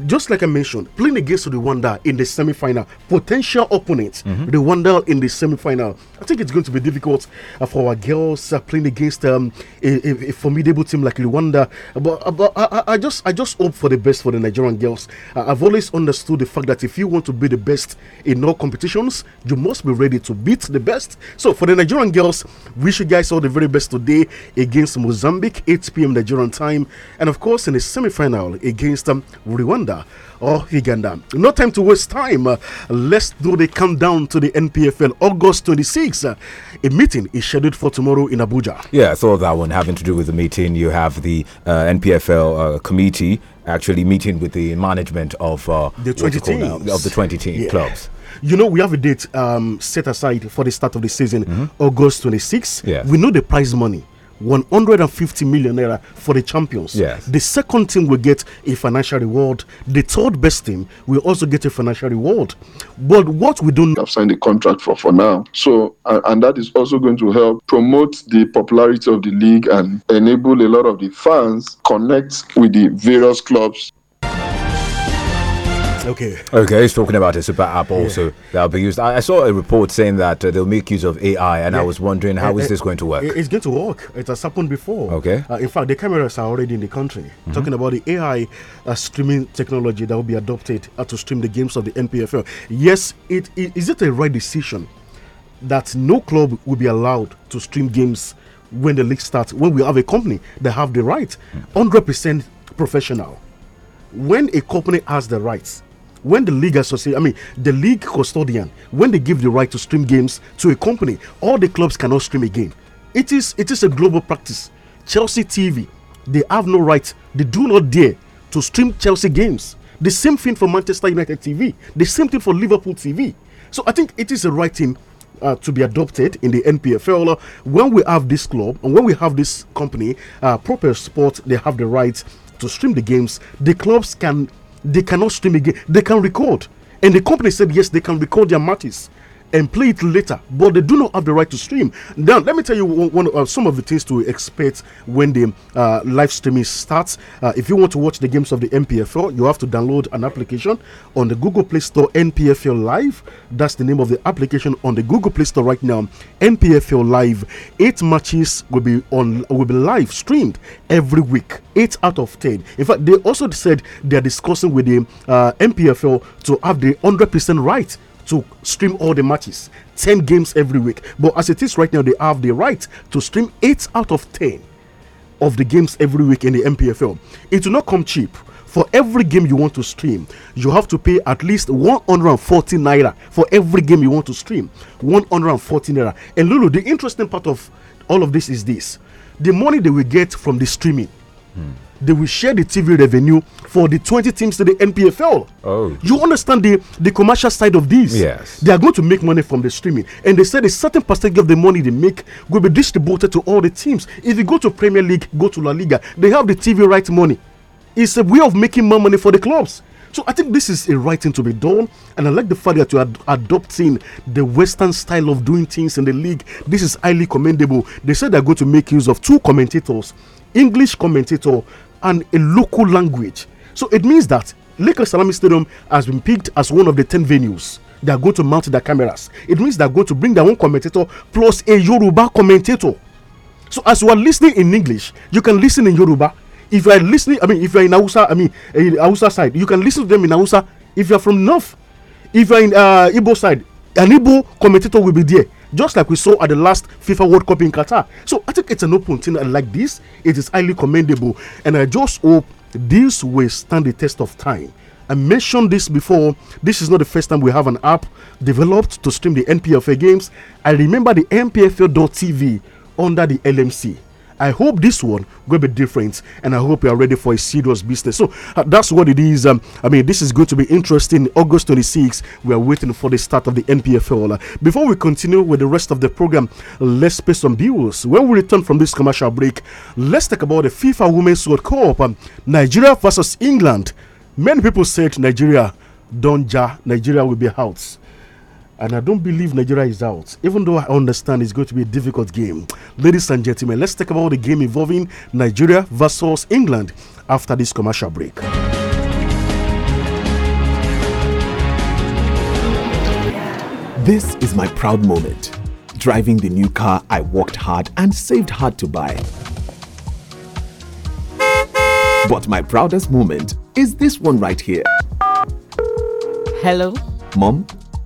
D: just like I mentioned, playing against Rwanda in the semi final, potential opponents, mm -hmm. Rwanda in the semi final. I think it's going to be difficult uh, for our girls uh, playing against um, a, a, a, formidable team like Rwanda. But, uh, but I, I, just I just hope for the best for the Nigerian girls. Uh, I've always understood the fact that if you want to be the best in all competitions, you must be ready to beat the best. So for the Nigerian girls, wish you guys all the very best today against Mozambique, 8 p.m. Nigerian time, and of course in the semi final against um, Rwanda. Uganda or oh, Uganda. No time to waste time. Uh, let's do the countdown to the NPFL. August 26th, uh, a meeting is scheduled for tomorrow in Abuja.
A: Yeah, I saw that one having to do with the meeting. You have the uh, NPFL uh, committee actually meeting with the management of uh, the 20 teams. Now, of the 20 team yeah. clubs
D: you know we have a date um, set aside for the start of the season mm -hmm. august 26th yeah. we know the prize money 150 million naira for the champions. Yes. The second team will get a financial reward. The third best team will also get a financial reward. But what we don't
P: have signed a contract for for now. So and that is also going to help promote the popularity of the league and enable a lot of the fans connect with the various clubs
L: Okay.
A: Okay, he's talking about a super app also yeah. that'll be used. I, I, saw a report saying that uh, they'll make use of AI, and yeah. I was wondering how uh, is eh, this going to work?
D: It's going to work. It has happened before. Okay. Uh, in fact, the cameras are already in the country. Mm -hmm. Talking about the AI uh, streaming technology that will be adopted uh, to stream the games of the NPFL. Yes, it, it is it a right decision that no club will be allowed to stream games when the league starts? When we have a company that have the right, mm. hundred percent professional. When a company has the rights when the league association, I mean, the league custodian, when they give the right to stream games to a company, all the clubs cannot stream a game. It is it is a global practice. Chelsea TV, they have no right. They do not dare to stream Chelsea games. The same thing for Manchester United TV. The same thing for Liverpool TV. So I think it is the right thing uh, to be adopted in the NPFL. Uh, when we have this club and when we have this company, uh, proper sport, they have the right to stream the games. The clubs can they cannot stream again. They can record. And the company said, yes, they can record their matches and play it later, but they do not have the right to stream. Now, let me tell you one, uh, some of the things to expect when the uh, live streaming starts. Uh, if you want to watch the games of the NPFL, you have to download an application on the Google Play Store, NPFL Live. That's the name of the application on the Google Play Store right now. NPFL Live. Eight matches will be on will be live streamed every week. Eight out of ten. In fact, they also said they are discussing with the uh, NPFL to have the hundred percent right to stream all the matches, 10 games every week. But as it is right now, they have the right to stream 8 out of 10 of the games every week in the MPFL. It will not come cheap. For every game you want to stream, you have to pay at least 140 naira for every game you want to stream. 140 naira. And Lulu, the interesting part of all of this is this the money they will get from the streaming. Hmm they will share the TV revenue for the 20 teams to the NPFL. Oh. You understand the, the commercial side of this? Yes. They are going to make money from the streaming. And they said a certain percentage of the money they make will be distributed to all the teams. If you go to Premier League, go to La Liga, they have the TV right money. It's a way of making more money for the clubs. So I think this is a right thing to be done, and I like the fact that you are adopting the Western style of doing things in the league. This is highly commendable. They said they're going to make use of two commentators, English commentator and a local language. So it means that Lakers Salami Stadium has been picked as one of the 10 venues they are going to mount their cameras. It means they're going to bring their own commentator plus a Yoruba commentator. So as you are listening in English, you can listen in Yoruba. If you are listening, I mean, if you are in Hausa, I mean, eh, in Hausa side, you can listen to them in Hausa. If you are from North, if you are in uh, Igbo side, an Igbo commentator will be there just like we saw at the last FIFA World Cup in Qatar. So I think it's an open thing, and like this, it is highly commendable. And I just hope this will stand the test of time. I mentioned this before. This is not the first time we have an app developed to stream the NPFA games. I remember the NPFL.tv under the LMC. I hope this one will be different, and I hope you are ready for a serious business. So uh, that's what it is. Um, I mean, this is going to be interesting. August 26, we are waiting for the start of the NPFL. Uh, before we continue with the rest of the program, let's pay some bills. When we return from this commercial break, let's talk about the FIFA Women's World Cup, um, Nigeria versus England. Many people said Nigeria, don't ja, Nigeria will be out. And I don't believe Nigeria is out, even though I understand it's going to be a difficult game. Ladies and gentlemen, let's talk about the game involving Nigeria versus England after this commercial break.
G: This is my proud moment. Driving the new car I worked hard and saved hard to buy. But my proudest moment is this one right here. Hello? Mom,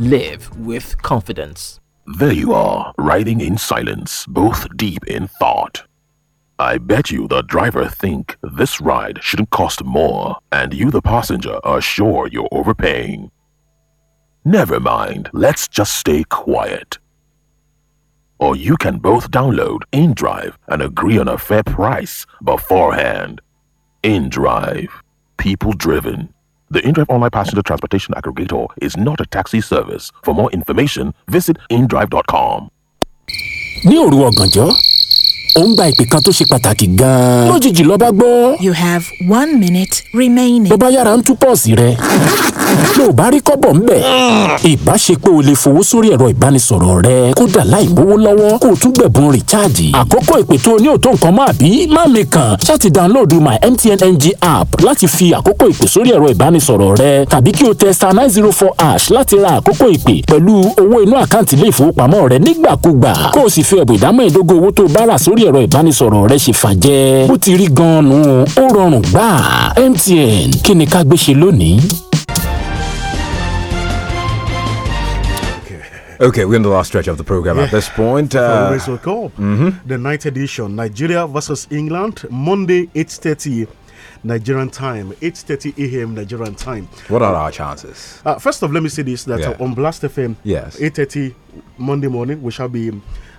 G: Live with confidence.
B: There you are, riding in silence, both deep in thought. I bet you the driver think this ride shouldn't cost more, and you the passenger are sure you're overpaying. Never mind, let's just stay quiet. Or you can both download InDrive and agree on a fair price beforehand. InDrive, people driven. The InDrive Online Passenger Transportation Aggregator is not a taxi service. For more information, visit indrive.com.
N: ní òru ọ̀gànjọ́ òun gba ìpè kan tó ṣe pàtàkì gan-an lójijì ló bá gbọ́. you have one minute remaining. ló bá yára ń tú pọ́ọ̀sì rẹ̀ ló bá rí kọ́bọ̀ ń bẹ̀. ìbáṣepé o lè fowó sórí ẹ̀rọ ìbánisọ̀rọ̀ rẹ kódà láì mówó lọ́wọ́ kó o tún gbẹ̀bùn rìchaàjì. àkókò ìpè tó o ní òótọ́ nǹkan máa bí má mi ṣáàtì dáńlóòdù my MTN NG app láti fi àkókò ìpè sórí ẹ̀rọ ìbánisọ̀rọ̀ rẹ tàbí kí o tẹ star nine zero four ash láti ra àkókò ìpè pẹ̀lú owó inú àkáǹtì ilé ìfowópamọ́ rẹ nígbàkúgbà kó o sì ẹ̀bùn owó tó bá rà sórí ẹ̀rọ ìbánisọ̀rọ̀ rẹ ṣe bó ti rí gan-an ó rọrùn gbà MTN kí ni ká gbé ṣe lónìí.
A: Okay, we're in the last stretch of the program yeah. at this point. Uh, mm-hmm. the Cup, mm -hmm.
D: the night edition, Nigeria versus England, Monday, 8.30 Nigerian time, 8:30 a.m. Nigerian time.
A: What are our chances?
D: Uh, first all, let me say this: that yeah. on Blast FM, yes, 8:30 Monday morning, we shall be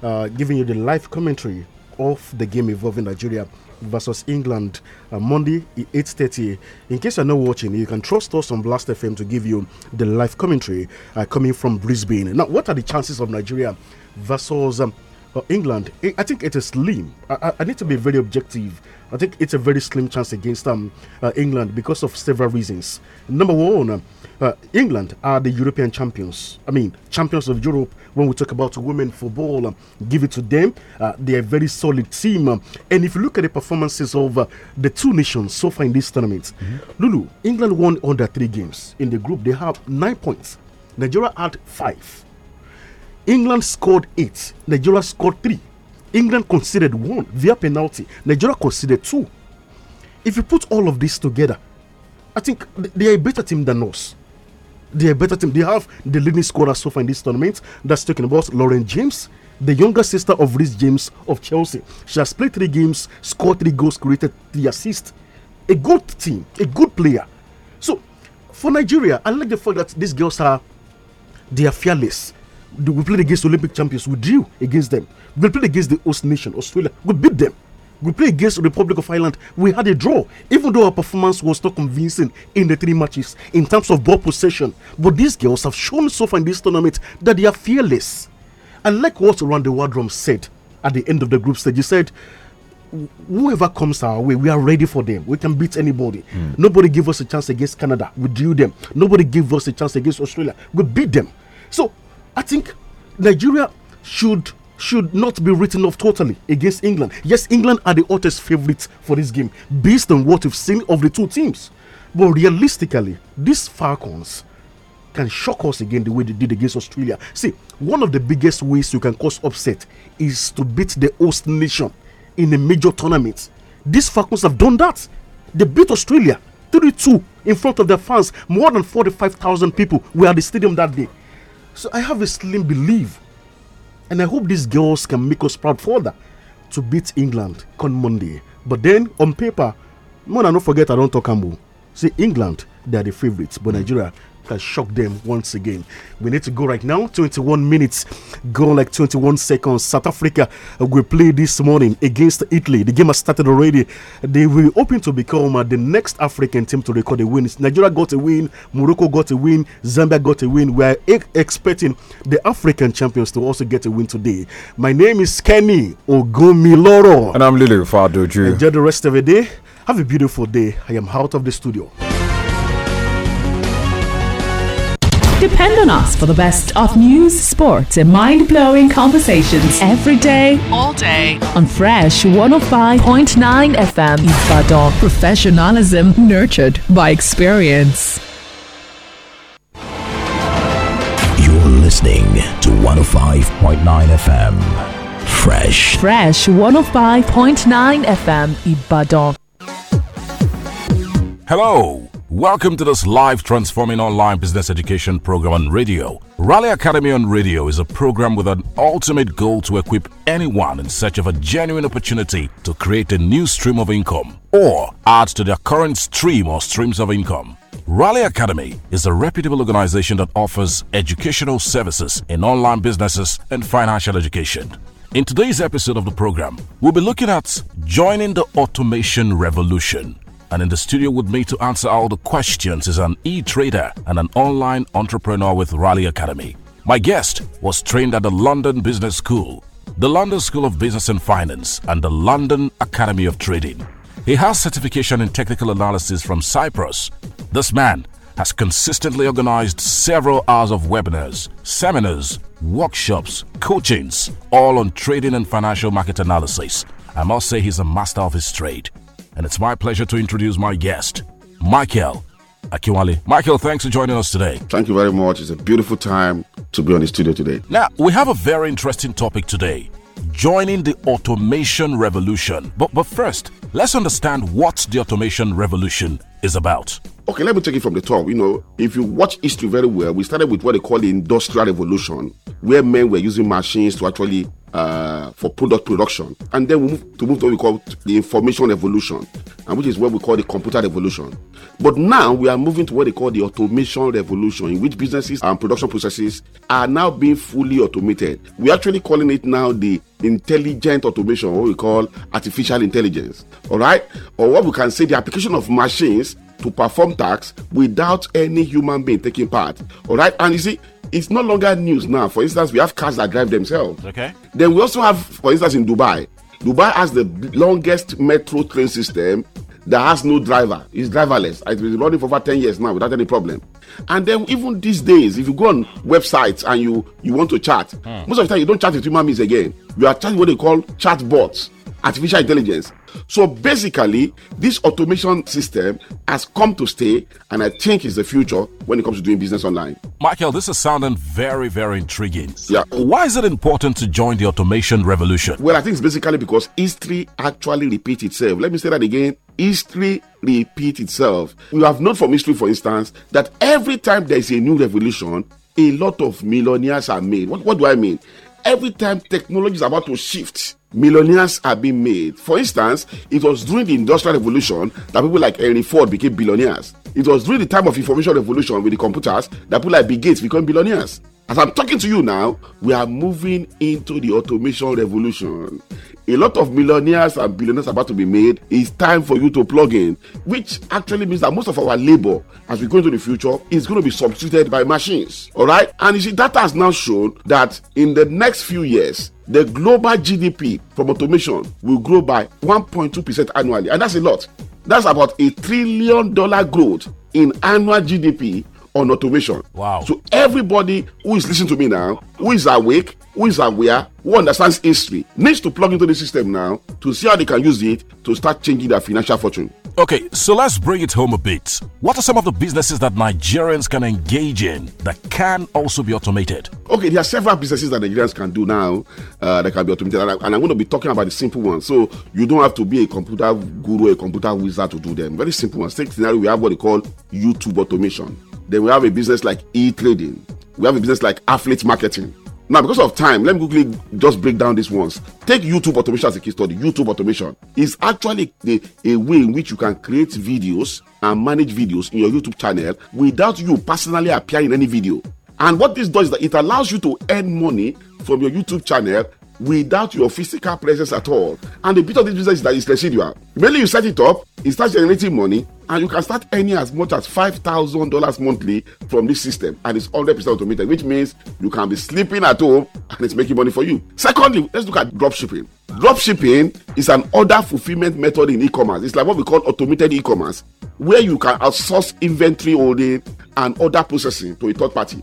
D: uh, giving you the live commentary of the game involving Nigeria versus England uh, Monday 8:30. In case you're not watching, you can trust us on Blast FM to give you the live commentary uh, coming from Brisbane. Now, what are the chances of Nigeria versus um, uh, England, I think it is slim. I, I, need to be very objective. I think it's a very slim chance against um, uh, England because of several reasons. Number one, uh, uh England are the European champions. I mean, champions of Europe. When we talk about women football, uh, give it to them. Uh, they are a very solid team. and if you look at the performances of the two nations so far in this tournament, mm -hmm. Lulu, England won under three games in the group. They have nine points. Nigeria had five. England scored eight, Nigeria scored three. England conceded one via penalty, Nigeria conceded two. If you put all of this together, I think they are a better team than us. They are a better team. They have the leading scorer so far in this tournament. That's talking about Lauren James, the younger sister of Rhys James of Chelsea. She has played three games, scored three goals, created three assists. A good team, a good player. So for Nigeria, I like the fact that these girls are they are fearless we played against Olympic champions. We drew against them. We played against the host nation, Australia. We beat them. We played against the Republic of Ireland. We had a draw, even though our performance was not convincing in the three matches in terms of ball possession. But these girls have shown so far in this tournament that they are fearless. And like what Randy Wardrum said at the end of the group stage, he said, whoever comes our way, we are ready for them. We can beat anybody. Mm. Nobody give us a chance against Canada. We drew them. Nobody give us a chance against Australia. We beat them. So I think Nigeria should should not be written off totally against England. Yes, England are the hottest favorites for this game based on what we've seen of the two teams. But realistically, these Falcons can shock us again the way they did against Australia. See, one of the biggest ways you can cause upset is to beat the host nation in a major tournament. These Falcons have done that. They beat Australia three-two in front of their fans. More than 45,000 people were at the stadium that day. So I have a slim belief. And I hope these girls can make us proud further to beat England on Monday. But then, on paper, more than not forget, I don't talk Ambo. See, England, they are the favorites, but Nigeria, can shock them once again. We need to go right now. 21 minutes, go like 21 seconds. South Africa will play this morning against Italy. The game has started already. They will hoping to become uh, the next African team to record a win. Nigeria got a win, Morocco got a win, Zambia got a win. We are expecting the African champions to also get a win today. My name is Kenny Ogumiloro.
A: And I'm Lulu Fadoju.
D: Enjoy the rest of the day. Have a beautiful day. I am out
K: of the studio. Depend on us for the
J: best of news, sports, and mind blowing conversations every day, all day on Fresh 105.9 FM. Ibadan. Professionalism nurtured by experience.
M: You're listening to 105.9 FM. Fresh.
J: Fresh 105.9 FM Ibadan.
Q: Hello. Welcome to this live Transforming Online Business Education program on radio. Raleigh Academy on Radio is a program with an ultimate goal to equip anyone in search of a genuine opportunity to create a new stream of income or add to their current stream or streams of income. Raleigh Academy is a reputable organization that offers educational services in online businesses and financial education. In today's episode of the program, we'll be looking at joining the automation revolution. And in the studio with me to answer all the questions is an e-trader and an online entrepreneur with Raleigh Academy. My guest was trained at the London Business School, the London School of Business and Finance, and the London Academy of Trading. He has certification in technical analysis from Cyprus. This man has consistently organized several hours of webinars, seminars, workshops, coachings, all on trading and financial market analysis. I must say he's a master of his trade and it's my pleasure to introduce my guest, Michael Akiwale. Michael, thanks for joining us today.
P: Thank you very much. It's a beautiful time to be on the studio today.
Q: Now, we have a very interesting topic today joining the automation revolution. But, but first, let's understand what the automation revolution is about.
P: Okay, let me take it from the top. You know, if you watch history very well, we started with what they call the industrial revolution, where men were using machines to actually uh, for product production. And then we move to move to what we call the information evolution, and which is what we call the computer revolution. But now we are moving to what they call the automation revolution, in which businesses and production processes are now being fully automated. We're actually calling it now the intelligent automation, what we call artificial intelligence. All right? Or what we can say the application of machines to perform tasks without any human being taking part. All right? And you see, it's no longer news now. For instance, we have cars that drive themselves. Okay. Then we also have, for instance, in Dubai, Dubai has the longest metro train system that has no driver. It's driverless. It's been running for over 10 years now without any problem. And then even these days, if you go on websites and you you want to chat, hmm. most of the time you don't chat with human beings again. You are chatting what they call chat bots artificial intelligence. So basically, this automation system has come to stay, and I think is the future when it comes to doing business online.
Q: Michael, this is sounding very, very intriguing. Yeah. Why is it important to join the automation revolution?
P: Well, I think it's basically because history actually repeats itself. Let me say that again. History repeats itself. We have known from history, for instance, that every time there is a new revolution, a lot of millionaires are made. What, what do I mean? Every time technology is about to shift, millionaires are being made. For instance, it was during the Industrial Revolution that people like Henry Ford became billionaires. It was during the time of information revolution with the computers that people like Bill Gates became billionaires. As I'm talking to you now, we are moving into the automation revolution. A lot of millionaires and billionaires are about to be made. It's time for you to plug in, which actually means that most of our labor as we go into the future is going to be substituted by machines. All right? And you see, that has now shown that in the next few years, the global GDP from automation will grow by 1.2% annually. And that's a lot. That's about a trillion dollar growth in annual GDP on automation. Wow. So everybody who is listening to me now, who is awake, who is aware, who understands history, needs to plug into the system now to see how they can use it to start changing their financial fortune.
Q: Okay, so let's bring it home a bit. What are some of the businesses that Nigerians can engage in that can also be automated?
P: Okay, there are several businesses that Nigerians can do now uh, that can be automated, and, I, am going to be talking about the simple ones. So you don't have to be a computer guru, a computer wizard to do them. Very simple ones. Take scenario we have what they call YouTube automation. Then we have a business like e-trading. We have a business like affiliate marketing. Now, because of time, let me quickly just break down these ones. Take YouTube automation as a case study. YouTube automation is actually a, a way in which you can create videos and manage videos in your YouTube channel without you personally appearing in any video. And what this does is that it allows you to earn money from your YouTube channel without your physical presence at all. And the beauty of this business is that it's residual. Mainly you set it up, it starts generating money, and you can start earning as much as $5,000 monthly from this system. And it's 100% automated, which means you can be sleeping at home and it's making money for you. Secondly, let's look at dropshipping. Dropshipping is an order fulfillment method in e commerce. It's like what we call automated e commerce, where you can outsource inventory holding and order processing to a third party.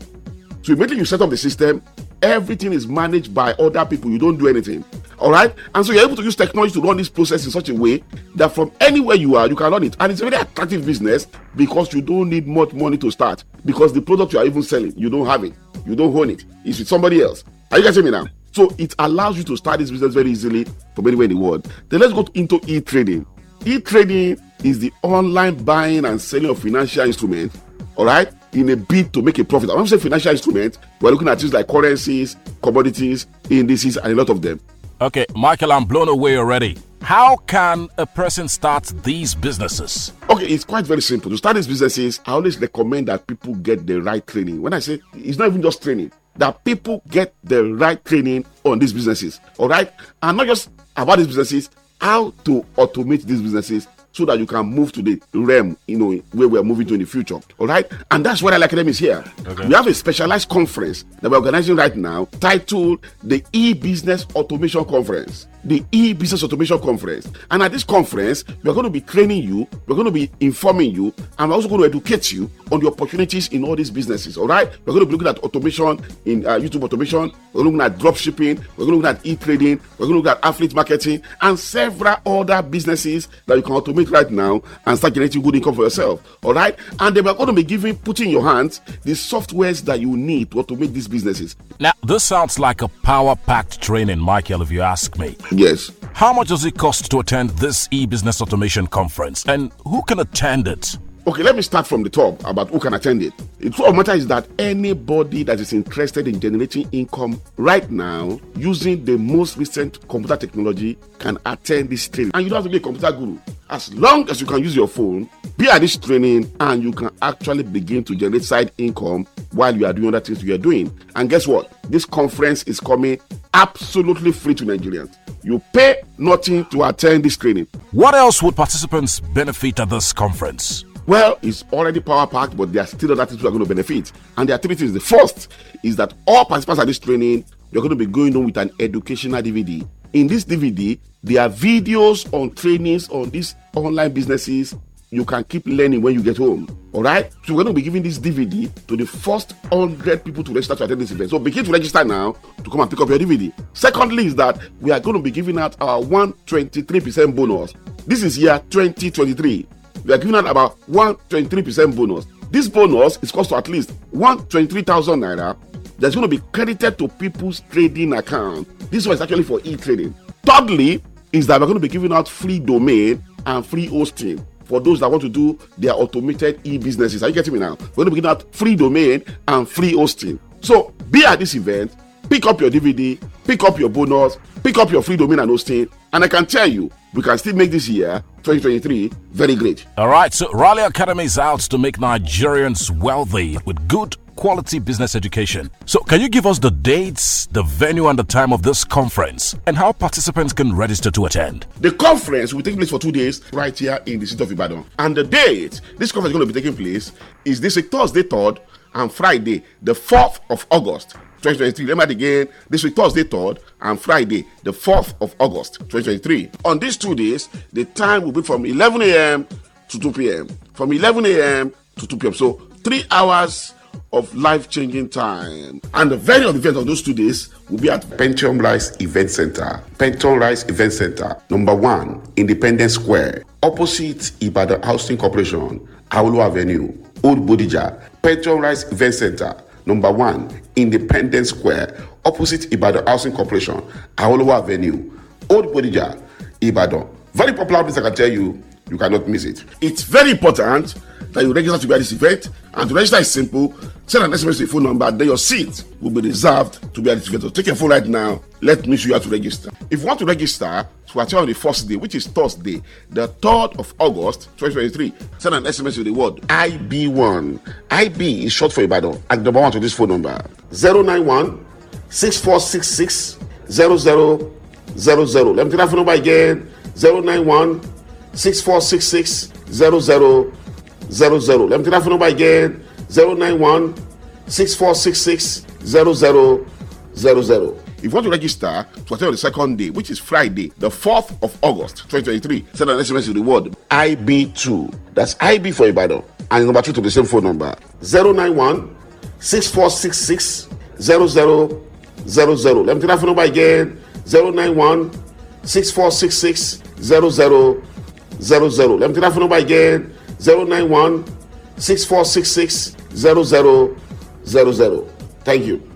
P: So immediately you set up the system, everything is managed by other people. You don't do anything. All right. And so you're able to use technology to run this process in such a way that from anywhere you are, you can run it. And it's a very attractive business because you don't need much money to start because the product you are even selling, you don't have it. You don't own it. It's with somebody else. Are you getting me now? So it allows you to start this business very easily from anywhere in the world. Then let's go into e trading. E trading is the online buying and selling of financial instruments. All right in a bid to make a profit. I when not say financial instruments, we're looking at things like currencies, commodities, indices, and a lot of them.
Q: Okay, Michael, I'm blown away already. How can a person start these businesses? Okay, it's quite very
P: simple. To start these businesses, I always recommend that people get the right training. When I say it's not even just training, that people get the right training on these businesses, all right? And not just about these businesses, how to automate these businesses so that you can move to the realm, you know, where we're moving to in the future. All right. And that's why like Academy is here. Okay. We have a specialized conference that we're organizing right now titled the e-business automation conference the e-business automation conference. And at this conference, we are going to be training you, we're going to be informing you, and we're also going to educate you on the opportunities in all these businesses. All right, we're going to be looking at automation in uh, YouTube automation. We're looking at drop shipping. We're looking at e-trading. We're looking at affiliate marketing and several other businesses that you can automate right now and start generating good income for yourself. All right, and then we're going to be giving, putting your hands the softwares that you need to automate these
Q: businesses. Now, this sounds like a power-packed training, Michael. If you ask me. Yes. How much does it cost to attend this e-business automation conference and who can attend it?
P: okay, let me start from the top about who can attend it. It's what matter is that anybody that is interested in generating income right now using the most recent computer technology can attend this training. And you don't have to be a computer guru. As long as you can use your phone, be at this training, and you can actually begin to generate side income while you are doing other things you are doing. And guess what? This conference is coming absolutely free to Nigerians. You pay nothing to attend this training. What else would participants benefit at this conference? Well, it's already power packed, but there are still other things who are going to benefit. And the activities, the first is that all participants at this training, you're going to be going on with an educational DVD. In this DVD, there are videos on trainings on these online businesses you can keep learning when you get home. All right. So we're going to be giving this DVD to the first hundred people to register to attend this event. So begin to register now to come and pick up your DVD. Secondly, is that we are going to be giving out our 123% bonus. This is year 2023 we are giving out about 123% bonus. This bonus is cost to at least 123,000 naira that's going to be credited to people's trading account. This one is actually for e trading. Thirdly, is that we're going to be giving out free domain and free hosting for those that want to do their automated e businesses. Are you getting me now? We're going to be giving out free domain and free hosting. So be at this event pick up your DVD, pick up your bonus, pick up your free domain and hosting.
Q: And I can tell you, we can still make this year 2023 very great. All right, so Rally Academy is out to make Nigerians wealthy with good quality business education. So, can you give us the dates, the venue, and the time of this conference, and how participants can register to attend?
P: The conference will take place for two days right here in the city of Ibadan. And the date this conference is going to be taking place is this Thursday, 3rd, and Friday, the 4th of August. 2023. Remember again, this week, Thursday, 3rd, and Friday, the 4th of August, 2023. On these two days, the time will be from 11 a.m. to 2 p.m. From 11 a.m. to 2 p.m. So, three hours of life changing time. And the venue of the event of those two days will be at Pentium Rise Event Center. Pentium Rise Event Center, number one, Independence Square, opposite Ibadan Housing Corporation, Aulu Avenue, Old Bodija. Pentium Rise Event Center. Number one, Independence Square, opposite Ibadan Housing Corporation, Aholowo Avenue, Old Bodija, Ibadan. Very popular place, I can tell you. You cannot miss it. It's very important that you register to be at this event. And to register is simple. Send an SMS to your phone number, then your seat will be reserved to be at this event. So take your phone right now. Let me show you how to register. If you want to register to attend on the first day, which is Thursday, the 3rd of August 2023, send an SMS with the word IB1. IB is short for Ibadan. And number one to this phone number 091 6466 0000. Let me tell that phone number again 091 6466 0000. Zero zero. Let me tell that phone number again zero zero zero. If you want to register to attend on the second day, which is Friday, the 4th of August 2023, send an SMS to the word IB2. That's IB for Ibadan. And number two to the same phone number 091 6466 0000. Let me tell that phone number again 091 6466 0000. Let me tell that phone number again 091 6466 0000. Thank you.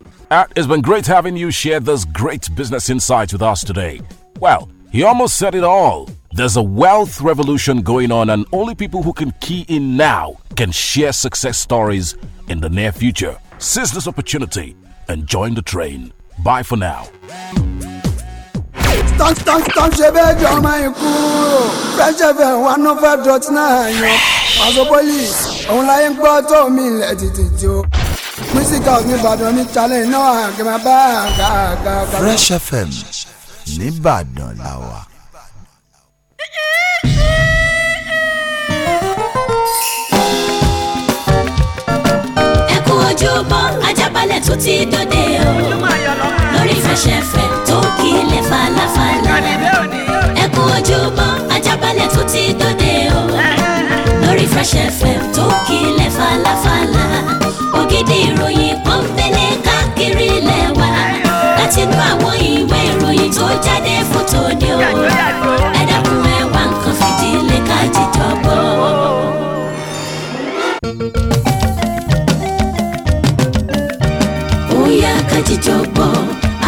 Q: it's been great having you share this great business insight with us today. Well, he almost said it all. There's a wealth revolution going on, and only people who can key in now can share success stories in the near future. Seize this opportunity and join the train. Bye for now.
F: Paso
E: òun láyé ń gbọ́ tó mi ilẹ̀ títí tí mísíkà òní Ìbàdàn ní challenge náà àgbẹ̀mọ bá àga Fresh
M: FM nìbàdàn la wà.
J: ẹ kú ojúbọ Ajábalẹ̀ tó ti dòde o lórí Fresh FM tó kílẹ̀ falafala ẹ kú ojúbọ Ajábalẹ̀ tó ti dòde o lórí Fresh FM tó kílẹ̀ falafala ògidì ìròyìn kan fẹ́lẹ̀ káàkiri lẹ́wà láti inú àwọn ìwé ìròyìn tó jáde fótó ni o ẹ dákun ẹ wá nǹkan fìdílé ká jíjọ gbọ́. bóyá ká jíjọ gbọ́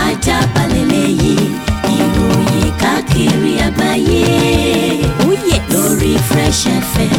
J: ajá balẹ̀ lẹ́yìn ìròyìn káàkiri àgbáyé oh lórí Fresh FM.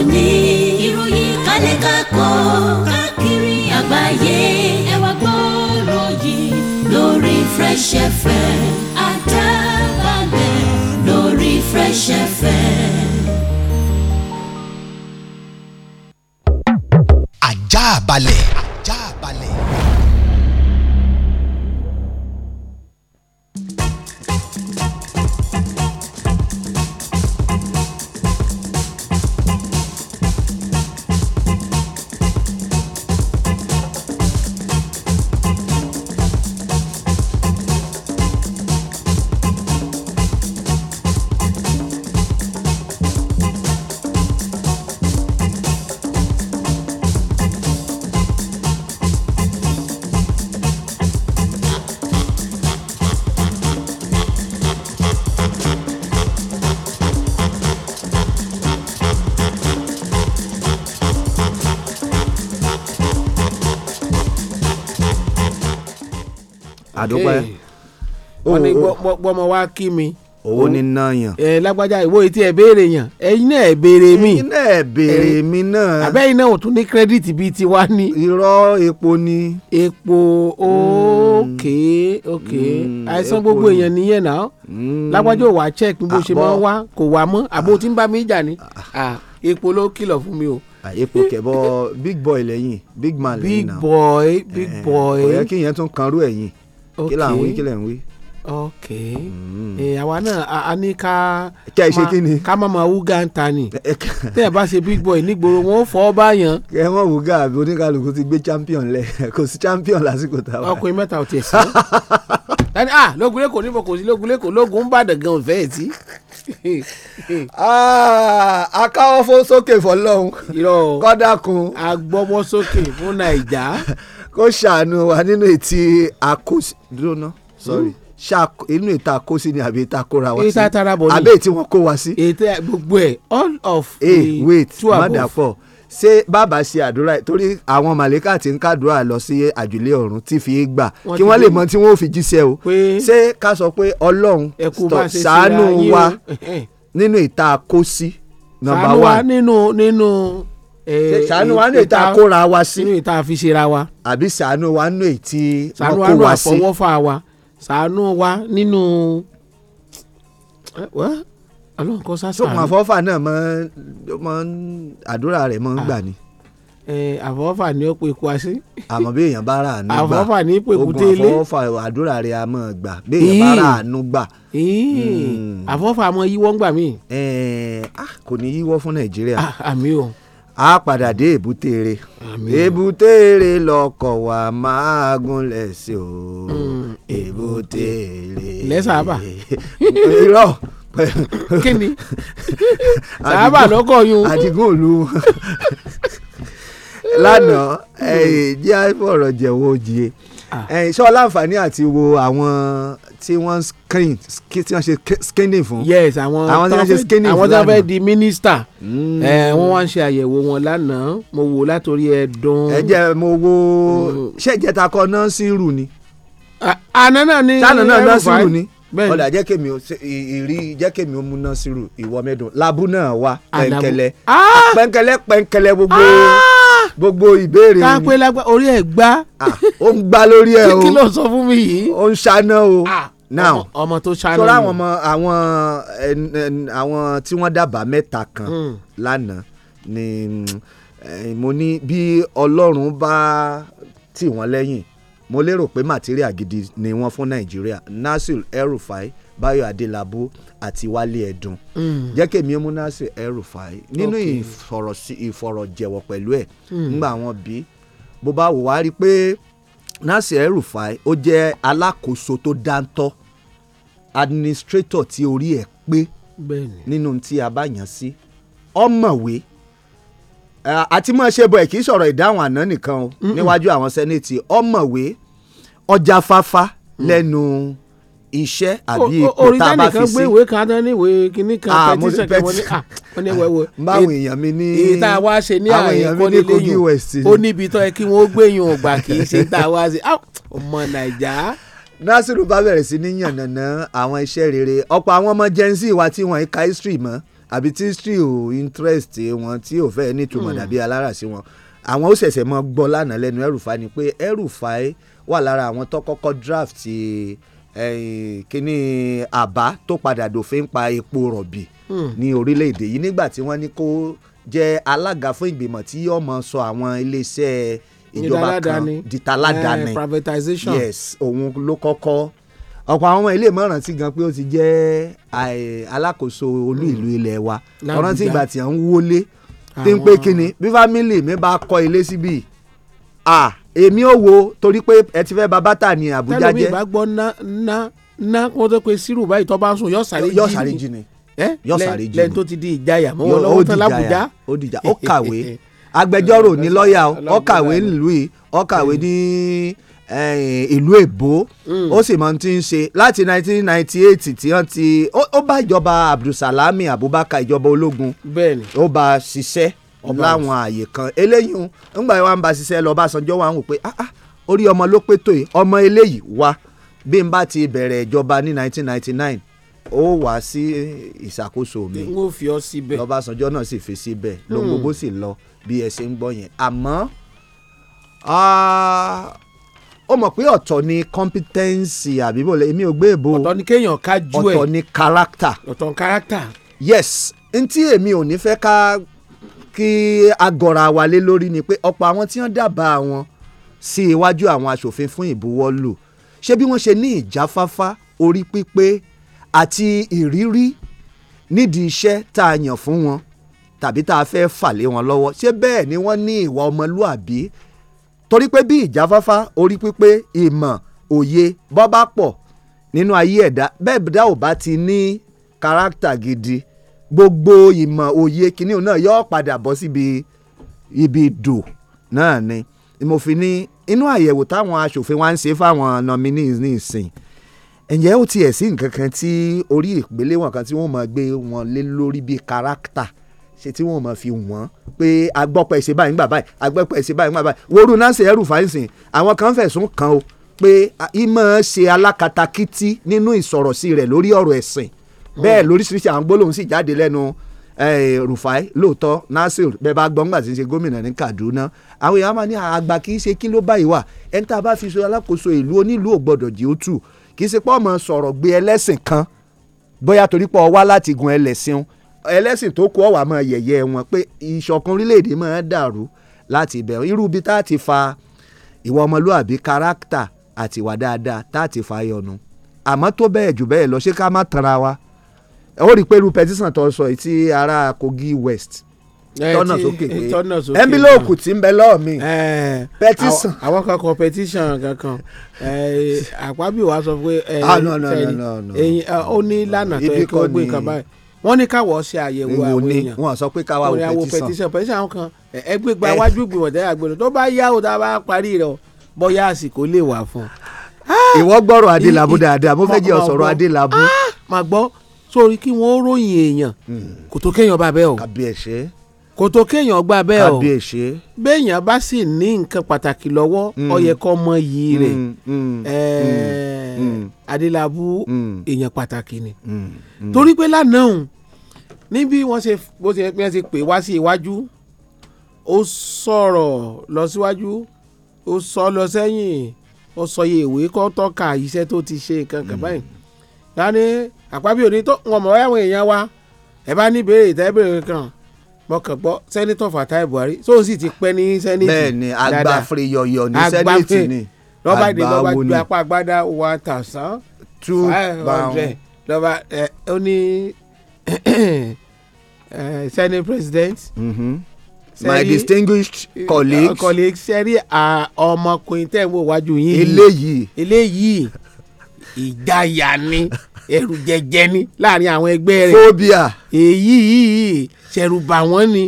J: òní ìròyìn kálẹ̀ kakọ́ káàkiri àgbáyé ẹ wá gbọ́rọ̀ yìí lórí Fresh FM Àdábàbẹ̀ lórí Fresh FM.
C: àjà balẹ̀.
E: pọ́mọ wá kí mi. owó ní ná yàn. ẹ lágbájá ìwọ etí ẹ béèrè yàn ẹyin náà ẹ béèrè mi. ẹyin náà ẹ béèrè mi náà. àbẹ́yìn náà ò tún ní kírẹ́dìtì bíi tiwa ní. irọ́ epo ni. epo ókè ókè mm, àìsàn gbogbo èèyàn nìyẹn náà
F: mm. lágbájá
E: ò wá check bó ṣe máa ń wá kò wá mọ́ àbó ah. tí ń bá mi jà ní. Ah.
F: epo ló kìlọ̀ fún mi o epo kẹbọ big boy lẹ́yìn big
J: man lẹ́yìn náà big boy big eh, boy ó yẹ kí
F: yẹn tún kanrú ẹ̀yìn
J: kí là wí kí lẹ̀ ń wí ok
E: mm. eh, àwa náà a ní ká kí ẹ ṣe kí ni ká má máa wúgà ń ni tẹ́ ẹ bá ṣe big boy nígboro wọn ò fọ́ ọ báyàn. ẹ wọn wúgà àbí oníkàlùkù ti gbé champion lẹ kò sí champion lásìkò táwa. ọkùnrin mẹ́ta ò tiẹ̀ sí. dani ah lógun lẹ́kọ̀ọ́ níbo kò sí lógun lẹ́kọ̀ọ́ lógun ń bàdàn gan ọ̀fẹ́ ẹ̀ tí. akáwọ́ ah, fó
F: sókè fọlọ́hún kọ́dà kun. agbọ́wọ́ sókè fún nàìjà. kó ṣàánú wa nínú ètí àkóso. sorry. Mm inú ìta kó sí ni àbí ìta kóra wa sí ìta tara bọ̀ ni àbí ètí wọn kó wa sí. ètò gbogbo ẹ all of the hey, wait, two above. wait madapọ ṣé bàbá ṣe àdúrà torí àwọn màlíkà tí ń kàdúrà lọ sí àjùlé ọ̀run tí fi gbà kí wọ́n lè mọ tí wọ́n ò fi jíṣẹ́ o ṣé ká sọ pé ọlọ́run ṣàánú wa nínú ìta kó sí nọ́mbà wa nínú
E: nínú
C: ṣàánú wa nínú ìta kóra
F: wa sí nínú ìta fi ṣera wa àbí
E: ṣàánú wa nínú ètí wọn wa sí àfọwọ́fà wa ṣàánú wa nínú ọlọ́run kọ́ sáà ṣàánú. sókun àfọ́fà náà mọ
F: àdúrà rẹ̀ mọ́ ń ah. gbà ni. àfọ́fà ni ó pe ikú wa sí. àmọ́ bí èèyàn bá rà àánú gbà àfọ́fà ni ó pe ikú délé. ogun àfọ́fà àdúrà rẹ̀ a mọ̀ gbà bí èèyàn bá rà àánú gbà. Hmm. àfọ́fà mọ yíwọ́ ń gbà mí. Ah, kò ní yíwọ́ fún nàìjíríà. Ah, àmì o a padà dé èbúté rẹ èbúté rẹ lọkọ̀ wa máa gúnlẹ̀ sí o hmm. èbúté rẹ. lẹ́sàbà. irọ́ kí ni sàbà lọ́kọ̀ yún. àdìgún òlu lánàá hmm. ẹ̀yìn jẹ́ fọ̀rọ̀ jẹ̀wọ́ òjìye sọ ah. láǹfààní àti wo àwọn tí wọ́n skin tí wọ́n ṣe skinning fún. yes àwọn àwọn tí wọ́n ṣe skinning fún lánàá àwọn tí wọ́n fẹ́
E: di minister.
F: Hmm. Eh, wọ́n wá
E: ń ṣe àyẹ̀wò wọn lánàá mo wò látòrí ẹ̀dùn. ẹ jẹ́ mo wo hmm. ṣé
F: ìjẹta kọ náà sí rù ni. àná náà ni ẹrù báyìí bẹ́ẹ̀ni ọlà jẹ́ kèmí ìrí jẹ́ kèmí ó múná sírù ìwọ mẹ́dùn labu náà wá pẹ̀ǹkẹ̀lẹ̀ ah! pẹ̀ǹkẹ̀lẹ̀ pẹ̀ǹkẹ̀lẹ̀ gbogbo. Ah! gbogbo ìbéèrè mi. káàpé lágbá orí ẹ̀ gbá. ó ń gbá lórí ẹ o kí ló sọ fún mi yìí. ó ń ṣáná o. now ọmọ tó ṣáná ni. sọ láwọn àwọn tí wọ́n dábàá mẹ́ta kan hmm. lánàá ni mo ní bí ọlọ́run bá tì wọ́n lẹ́yìn mo lérò pé màtíríà gidi ni wọ́n fún nàìjíríà nasir El-Rufai Báyọ̀ Adélábù àti Wálé Ẹ̀dùn hmm. jẹ́ kémi mú nasir El-Rufai nínú ìfọ̀rọ̀jẹ̀wọ̀ pẹ̀lú ẹ̀ ńgbà hmm. wọn bí bó bá wò wá rí i pé nasir El-Rufai ó jẹ́ alákòóso tó dáńtọ́ administrator tí orí ẹ̀ pé nínú tí a bá yàn sí ọ̀mọ̀wé àti mọ̀ ṣe bọ̀ ẹ̀ kì í sọ̀rọ̀ ìdáhùn àná nìkan o níwájú àwọn sẹ́nẹ̀tì ọ̀mọ̀wé ọjàfáfá lẹ́nu iṣẹ́ àbí ipò tá a bá fi sí. orí tẹ́nìkan gbé ìwé
E: kan tán ní ìwé kínní kan ah, pẹtíṣẹ̀ kan wọ́n ní à wọ́n ah, ní wẹ́wẹ́. báwọn èèyàn mi ní èyí tá a wá ṣe ní àyè kọ́níléyìn ó
F: níbi tó yẹ kí wọ́n gbẹ̀yìn ọ̀gbà kì í ṣe tá a wá ṣe ọmọ nàìjà. Nasiru bá bẹ̀rẹ̀ sí ní yànnàná àwọn iṣẹ́ rere ọ̀pọ̀ àwọn ọmọ Gen Z wa tí wọ́n ń ka history mọ́ àbí tí history ò interest wọn tí ò fẹ́ nítumọ̀ hmm. dàbí alára sí wọn àwọn ó ṣẹ̀ṣẹ̀ mọ gbọ́ lánàá lẹ́nu ẹrùfà ni pé ẹrùfà wà lára àwọn tó draft eh, kíní àbá tó padà dòfin pa epo rọ̀bì hmm. ní orílẹ̀-èdè yìí nígbà tí wọ́n ní kó jẹ́ alága fún ìgbìmọ̀ tí yóò mọ sọ àwọn iléeṣẹ́ ìjọba kan di taládàáni eh, yes òun ló kọ́kọ́ ọ̀pọ̀ àwọn ọmọ ilé ìmọ̀ràn sí gan pé ó ti jẹ́ alákòóso olú ìlú ilé wa ọ̀ràn tí ìgbà tí à ń wọlé tí ń pé kíni bí fámìlì mi bá kọ́ ilé síbí à èmi ò wo torí pé ẹ ti fẹ́ ba bàtà ní Àbújá jẹ́. tẹ́lẹ̀ mi bá
E: gbọ́ ná ná ná kó tó pe sírù báyìí tó
F: bá ń sùn yọ sáré jí ni yọ sáré jí ni lẹ́yìn tó ti di ìjayà mọ́ wọn tán l'Àbújá. ó dìjà ó kàwé agbẹjọ́rò ní lọ́ọ̀yà ó kàwé nílùú yìí ó kàwé ní. Eh, ìlú èbó mm. ó sì mọ ti ń ṣe láti 1998 tí wọ́n ti ó bá ìjọba abdulsalami abubakar ìjọba ológun ó bá a ṣiṣẹ́ láwọn àyè kan eléyìí ńgbà wa ń bá a ṣiṣẹ́ lọ Ọbásanjọ́ wa ń wò pé ah, ah, orí ọmọ ló pé tó yìí ọmọ eléyìí wa bí n bá ti bẹ̀rẹ̀ ìjọba ní 1999 ó wá sí ìṣàkóso mi wọ́n fi ọ síbẹ̀ lọ́bàṣánjọ́ náà sì fi síbẹ̀ lóhun gbogbo hmm. sì lọ bí ẹ ṣe ń gbọ́ yẹn àmọ́ ó mọ̀ pé ọ̀tọ̀ ni competency àbíbò èmi ò gbé èbò ọ̀tọ̀ ni kéèyàn kájú ẹ̀ ọ̀tọ̀ ni character ọ̀tọ̀ ni character. yes n tí èmi ò ní fẹ́ ká kí agọ̀ra wa lórí ni pé ọ̀pọ̀ àwọn tí wọ́n dábàá wọn sí iwájú àwọn aṣòfin fún ìbuwọ́lù ṣé bí wọ́n ṣe ní ìjáfáfá orí pípé àti ìrírí nídìí iṣẹ́ tá a yàn fún wọn tàbí tá a fẹ́ fà lé wọn lọ́wọ́ ṣé bẹ́ẹ̀ ni wọ́n ní ìwà ọmọlúàbí torí pé bí ìjáfáfá orí pípé ìmọ̀ òye bọ́ bá pọ̀ nínú ayé ẹ̀dá bẹ́ẹ̀ dá ò bá ti ní kárátà gidi gbogbo ìmọ̀ òye kìíní náà yóò padà bọ́ síbi ibi dò náà ni mo fi ní inú àyẹ̀wò táwọn aṣòfin wa ń ṣe fáwọn nominees ní ìsìn ǹjẹ́ ó tiẹ̀ sí nǹkan kan tí orí ìpele kan tí wọ́n máa gbé wọn lé lórí bíi kárátà ṣe tí wọ́n mọ̀ fi wọ́n pé agbọ́pọ̀ ẹ̀sìn báyìí ńgbà báyìí agbọ́pọ̀ ẹ̀sìn báyìí ńgbà báyìí woru nancy ẹrù fàáyìnsìn àwọn kan fẹ̀sùn kàn ó pé ìmọ̀ ṣe alákatakítí nínú ìsọ̀rọ̀sí rẹ̀ lórí ọ̀rọ̀ ẹ̀sìn bẹ́ẹ̀ lóríṣiríṣi àwọn gbólóhùn sì jáde lẹ́nu Rufai lóòótọ́ Nasir bẹ́ẹ̀ bá gbọ́ngbà tí ń ṣe gómìnà ní Kaduna àwọn èèyàn máa ní àgbà kì í ṣe kí ló báyìí wà ẹni tá a bá fi ṣe alákòóso ìlú onílùú ògbọ́dọ̀ jí ó tù kì í ṣe pọ́ ọmọ sọ̀rọ̀ gbé ẹlẹ́sìn kan bóyá torí wá láti gun ẹlẹ́sìn ẹlẹ́sìn tó kú ọ̀wà máa yẹ̀yẹ́ wọn pé ìṣọ̀kan orílẹ̀-èdè máa dàrú láti ibẹ̀ irú ibi tá a ti fa ìwà ọmọlúàbí kárákítà àti ìwà dáadáa tá a ti fa yọnu àmọ́ tó bẹ́ẹ̀ jù bẹ́ẹ̀ lọ ṣé ká má tanra wa ó rí i pé irú pẹtísàn tó sọ ti ará Kogi West tọ́nà sókè pé ẹ́ńbílòkù tí ń bẹ lọ́ọ̀ mi pẹtísàn. àwọn kan kọ pẹtísàn
E: kankan àpábíwá sọ pé ah, ó ní lánàá tó yẹ kó gbé nǹkan báyìí wọ́n ní káwọ́ ṣe àyẹ̀wò àwọn èèyàn wọ́n sọ pé káwọ́ àwọn pẹtisàn pẹtisàn àwọn kan ẹgbẹ́ gba wájú gbìmọ̀ tẹ́lẹ̀ àgbẹ̀rẹ̀ tó bá yá o tá a bá parí rẹ̀ bóyá àsìkò lè wà fún un.
F: Ah! ìwọ gbọ́rọ̀ adélábù dáadáa mo fẹ́ jẹ́ ọ̀sọ̀rọ̀ adélábù. Ah!
E: mà gbọ́ sórí kí wọ́n ròyìn èèyàn hmm. kò tó kéèyàn bá bẹ́ẹ̀ o kò tó kéèyàn gbà bẹ́ẹ̀ o béèyàn bá sì ní nǹkan pàtàkì lọ́wọ́ ó hmm. yẹ mọ iyì rẹ̀ hmm. ẹ̀ẹ́ Eh, Adélabú hmm. èèyàn pàtàkì ni hmm. Hmm. torí pé lánàá òun níbi wọ́n ṣe bó ṣe pé wọ́n ṣe pè wá sí iwájú ó sọ̀rọ̀ lọ síwájú ó sọ lọ sẹ́yìn ó sọ iye ìwé kọ́ tọ́ka iṣẹ́ tó ti ṣe nǹkan kan báyìí láni àpábíyò ní tó wọn mọ̀ ẹ̀wọ̀n èèyàn wa ẹ̀ bá ní ìbéèrè ìtẹ́bẹ̀rẹ̀ kan mọ̀kàn gbọ́ sẹ́nitọ̀ Fatai Buhari tó sì ti pẹ́ ní sẹ́nitì dáadáa bẹ́ẹ̀ ni agbáfre ní sẹ́nitì ni lọ́ba dé lọ́ba ju apá agbádá one thousand five hundred lọ́ba ó ní senate president.
J: Mm-hmm. my distinguished colleagues. Uh,
E: colleagues sẹ́rí ọmọkùnrin tẹ́ ń wò wájú yín. eléyìí. eléyìí ìjayà ni ẹrù jẹjẹ ni láàrin àwọn ẹgbẹ́ rẹ̀. phobia. èyí ṣẹ̀rùbà wọ́n ni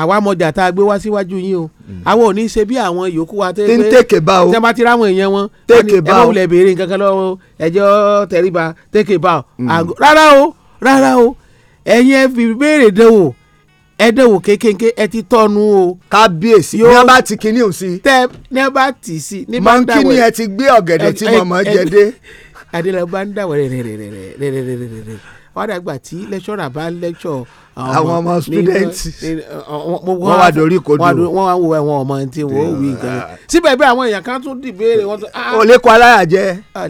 E: àwa mọ̀jà tá a gbé wá síwájú yín o mm. àwọn ò ní ṣe bí àwọn yòókù wa tẹ́ pé tẹ́kẹ̀ bá o tẹ́ bá ti ráwọn tẹ́kẹ̀ bá o ẹ̀rọ wulẹ̀ béèrè nǹkan kan lọ́wọ́ ẹ̀jọ́ tẹríba tẹ́kẹ̀ bá o mm. rárá o rárá o ẹ̀yin ẹ fi béèrè dánwò ẹ kékeré ẹ ti tọ́nu o. kábíyèsí ní a bá ti kíní ò sí. tẹ ní a bá tì sí. mọ́ńkíní ẹ ti gbé ọ̀gẹ̀dẹ̀ tí mọ̀mọ́ jẹ dé. adéla ń dàwọ̀ rẹ̀ rẹ̀ rẹ̀ rẹ̀ rẹ̀ rẹ̀ rẹ̀ rẹ̀ wọ́n dàgbà tí lẹ́kṣọ̀rà bá lẹ́kṣọ̀ àwọn ọmọ student uh, wọ́n wá dorí kodo wọ́n wá wo ẹ̀wọ̀n ọmọ tí wọ́n wí gan. Ah. síbẹ̀ bí àwọn èèyàn kan tún di
F: béèrè wọ́n tún. olékọ aláyàjẹ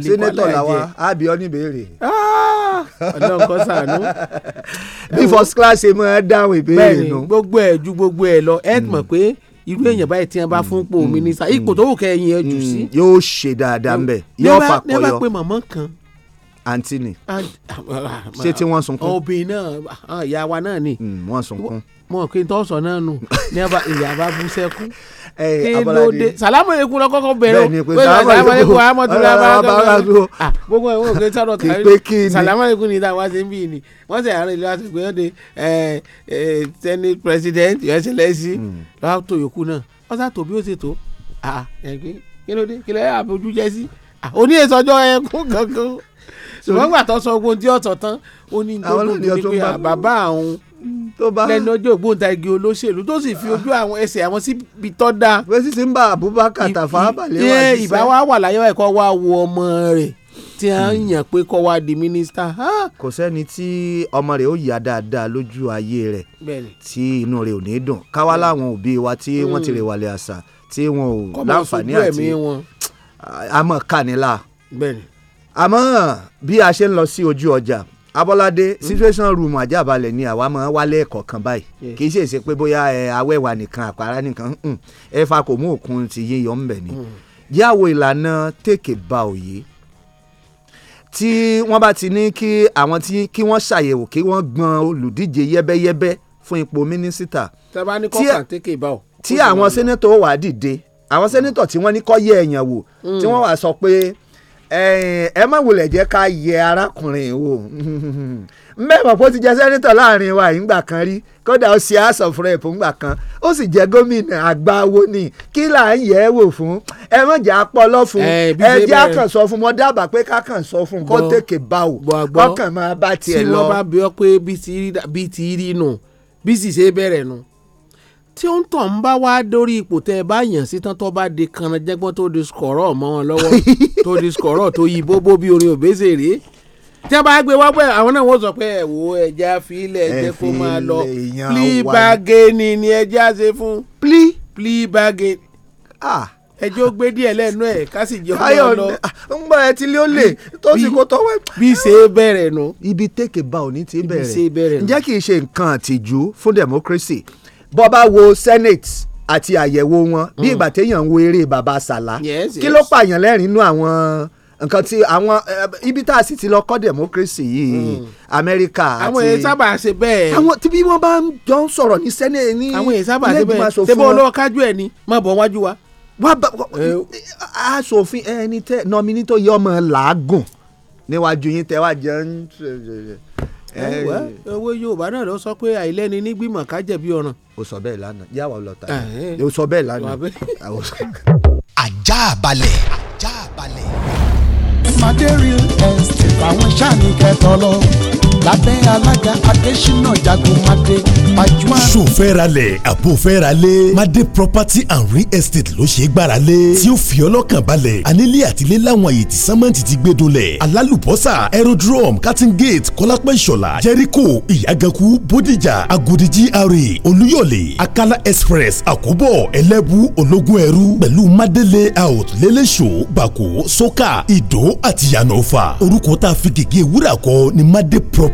F: senator làwa àbí oníbèrè. Ah! ọlọ́run kọ́ sànú. bí first class ṣe máa dáhùn ìbéèrè nù. bẹ́ẹ̀ni gbogbo ẹ̀
E: ju gbogbo ẹ̀ lọ ẹ̀ mọ̀ hmm. pé irú èèyàn báyìí tí wọn bá fún pò mínísà hmm. ipò tó wù kẹyìn ẹ jù hmm. sí.
F: yóò ṣe dáadáa ń bẹ yóò fà
E: kọyọ àǹtí ni ah, ah, ah, ṣé tí wọ́n sunkún.
F: obìnrin náà
E: ìyá wa náà ni. Hmm, wọ́n sunkún. mo kí n tọ́ sọ náà nù ní ìyá bá bú sẹ́kún. Eh, kí ló dé salamu aleykum lọ kọ́kọ́ bẹ̀rẹ̀ o pé salamu aleykum amọ̀túnlá abarakọ̀ gbogbo ẹ̀ wọ́n kò sọ̀rọ̀ kárí salamu aleykum ni táwa ṣe ń bì ní wọ́n sì àárín ìlú àti ìgbéyàwó senate president your excellency hmm. lọ́wọ́ tó yòókù náà wọ́n sá tó bí ó ṣe tó kí ló dé kí ló kankan ṣùgbọ́n gbà tó sọ ogun tí ọ̀tọ̀ tán ó ní tó dùn ní pé bàbá àwọn lẹ́nu ọjọ́ ògbóǹtarìgì olóṣèlú tó sì fi ojú àwọn ẹsẹ̀ àwọn síbi tọ́ da. bẹ́sí ti ń bá Abubakar Tafawa Balewa ṣiṣẹ́. ìbá wa
F: wà láyé wa ẹ̀kọ́ wa wo ọmọ rẹ̀ tí a ń hmm. yàn pé kọ́ wa di mínísítà. kò sẹ́ni tí ọmọ rẹ̀ ó yà dáadáa lójú ayé rẹ̀ tí inú rẹ̀ ò ní dùn káwá láwọn òbí wa tí wọ́n ti hmm. rẹ̀ wàlẹ̀ àṣà tí wọn ò láǹfààní àti àmọ́ kánilá àmọ́ bí a ṣe ń lọ sí ojú ọjà Abọ́ládé hmm. situation room àjàbalẹ̀ ni àwa máa wálé ẹ̀kọ́ kan báyìí kì í ṣe ṣe pé bóyá ẹ awẹ́wà nìkan àpárá nìkan hmm, ẹ fa kò mú òkun ti yíyan ńbẹ̀ ni hmm. yàwó ìlànà tèkè ba òye tí wọ́n bá ti ní kí àwọn tí kí wọ́n ṣàyẹ̀wò kí wọ́n gbọ́n olùdíje yẹ́bẹ́yẹ́bẹ́ fún ipò mínísítà tí àwọn sẹ́nẹ́tọ̀ wà dìde àwọn sẹ́nẹ́tọ̀ tí wọ́n ní kó yẹ ẹ̀yàn wò tí wọ́n wà sọ pé ẹ má wulẹ̀ jẹ́ ká yẹ arákùnrin wò mẹ́mọ̀ bó ti jẹ́ sẹ́nitọ̀ láàrin wa yìí ńgbà kan rí kódà ó ṣe house of rep ńgbà kan ó sì jẹ́ gómìnà àgbáwo ni kí là ń yẹ̀ ẹ́ wò fún ẹ mọ̀ jẹ́ apọ́lọ́ fún ẹ jẹ́ àkàn sọ fún mo dábàá pé kákàn sọ fún kó tèké bá o kọ́kàn máa
E: bá tiẹ̀ lọ. tí wọ́n bá bí ọ pé bí ti rí nù bí sì ṣe bẹ̀rẹ̀ nù tí ó ń tọ̀ ń bá wá dórí ipò tẹ́ ẹ bá yàn sí tán tó bá di kanna jẹ́gbọ́n tó di skọ̀rọ̀ mọ́ wọn lọ́wọ́ tó di skọ̀rọ̀ tó yí bóbó bí orin òbéṣe rèé tí a bá gbé wá pé àwọn náà wọ́n sọ pé ẹ ẹja filẹ̀ ẹjẹ́ kó máa lọ plí bageni ni ẹja ṣe fún plí plí bageni ẹjẹ́ ó gbé díẹ̀ lẹ́nu ẹ̀ ká sì jẹ́ ọmọ lọ.
F: ń gbọ́ ẹ tí lé ó lè tó sì kó tọ́wọ́ bí ṣe é nu. ibi tèkè bá òní ti bẹ̀rẹ̀ ǹjẹ́ kì í ṣe nǹkan àtìjú fún democracy bọ́ bá wo senate àti àyẹ̀wò wọn bí hmm. ìgbà téèyàn ń wo eré baba sàlá kí ló pààyàn lẹ́rìn inú àwọn nǹkan tí àwọn eh, ibi tá a sì ti lọ kọ́ democracy yìí hmm. amẹ́ríkà àti àwọn èyí sábà ṣe bẹ́ẹ̀. àwọn tí bí wọ́n bá ń jọ ń sọ̀rọ̀ ní sẹ́nẹ̀ ní ilé ìgbìmọ̀ asòfin wọn. tẹ́bọ̀ olówó kájú ẹ̀ ni má bọ̀ wájú wa. wá bá eh, asòfin ẹni tẹ nọmínító yọ ọmọ làágùn níwájú yín tẹ wá jẹ ẹwẹ owó yorùbá náà ló sọ pé àìlẹ́ni nígbìmọ̀ ká jẹ̀bi o sọ bẹ́ẹ̀ lánàá yà wà lọta o sọ bẹ́ẹ̀ lánàá. ajá balẹ̀ ajá balẹ̀.
D: madé real estate àwọn sáà ní kẹtọ lọ lábẹ́ alága adésínà jagun máde pajúmọ́. sofẹ́ralẹ̀ àbúfẹ́ralẹ̀ máde property and real estate ló ṣe é gbáralẹ̀ tí ó fi ọlọ́kàn balẹ̀ anílé àtìlé láwọn àyè tí sẹ́mẹ́ǹtì ti gbé dolẹ̀ alálùbọ́sà aerodrome cutting gate kọ́lápẹ́ ìṣọ̀lá jẹ́ríkò ìyàgànkù bódìjà agodi gra olúyọ̀lé akala express àkóbọ̀ ẹlẹ́bù ológun ẹrú pẹ̀lú máde layout lẹ́lẹ́ṣọ́ bàkó sọ́kà ìdó àti yànnọ́fà orúkọ tá a fi gègé ni máde property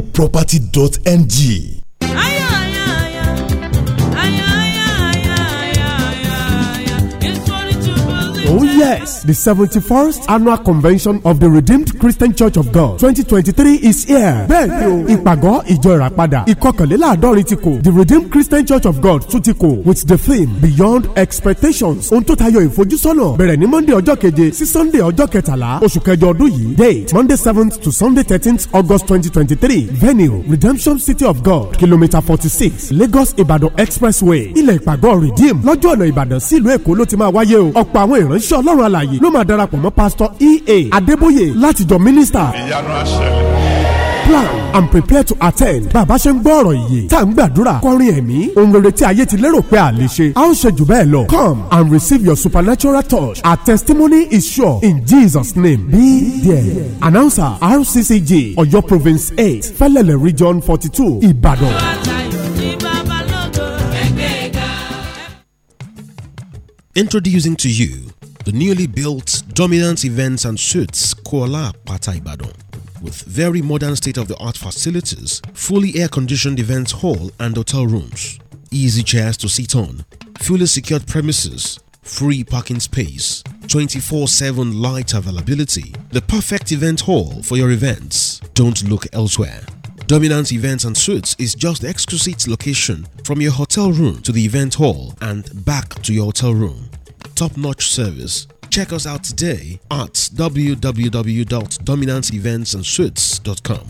D: Property dot ng. years. The seventy-first annual convention of the Redeemed Christian Church of God 2023 is here. bẹ́ẹ̀ni o ìpàgọ́ ìjọ ìràpadà ìkọkànléláàádọ́rin ti kò the Redeemed Christian Church of God tún ti kò with the theme beyond expectations ohun tó tayọ ìfojúsọ́nà bẹ̀rẹ̀ ní Monday ọjọ́ keje sí Sunday ọjọ́ kẹtàlá oṣù kẹjọ ọdún yìí date Monday seventh to Sunday thirteenth August twenty twenty three venue Redemption City of God kilometre forty six Lagos Ibadan Expressway ilẹ̀ ìpàgọ́ Redeem. lọ́jọ́ ọ̀nà Ìbàdàn sí ìlú Èkó ló ti máa wáyé o ọ̀pọ̀ àwọn ìránṣẹ́ ọl ọlọ́run àlàyé ló máa darapọ̀ mọ́ pásítọ̀ ea adébóyè láti jọ mínísítà.
I: ìyanu àṣẹlẹ̀
D: plan and prepare to attend. bàbá ṣe ń gbọ́ ọ̀rọ̀ yìí tá à ń gbàdúrà kọrin ẹ̀mí ohun rere tí ayé ti lérò pé a lè ṣe a ó ṣe jù bẹ́ẹ̀ lọ. come and receive your supernatural touch our testimony is sure in Jesus name be there. announcer RCCG Ọ̀yọ́ province eight Fẹ́lẹ́lẹ̀ region forty two Ìbàdàn. Introducing to you The newly built
O: Dominance Events and Suites Kuala Pata Ibadan with very modern state-of-the-art facilities, fully air-conditioned event hall and hotel rooms, easy chairs to sit on, fully secured premises, free parking space, 24-7 light availability, the perfect event hall for your events. Don't look elsewhere. Dominance Events and Suites is just the exquisite location from your hotel room to the event hall and back to your hotel room top notch service. Check us out today at www.dominanceeventsandsuits.com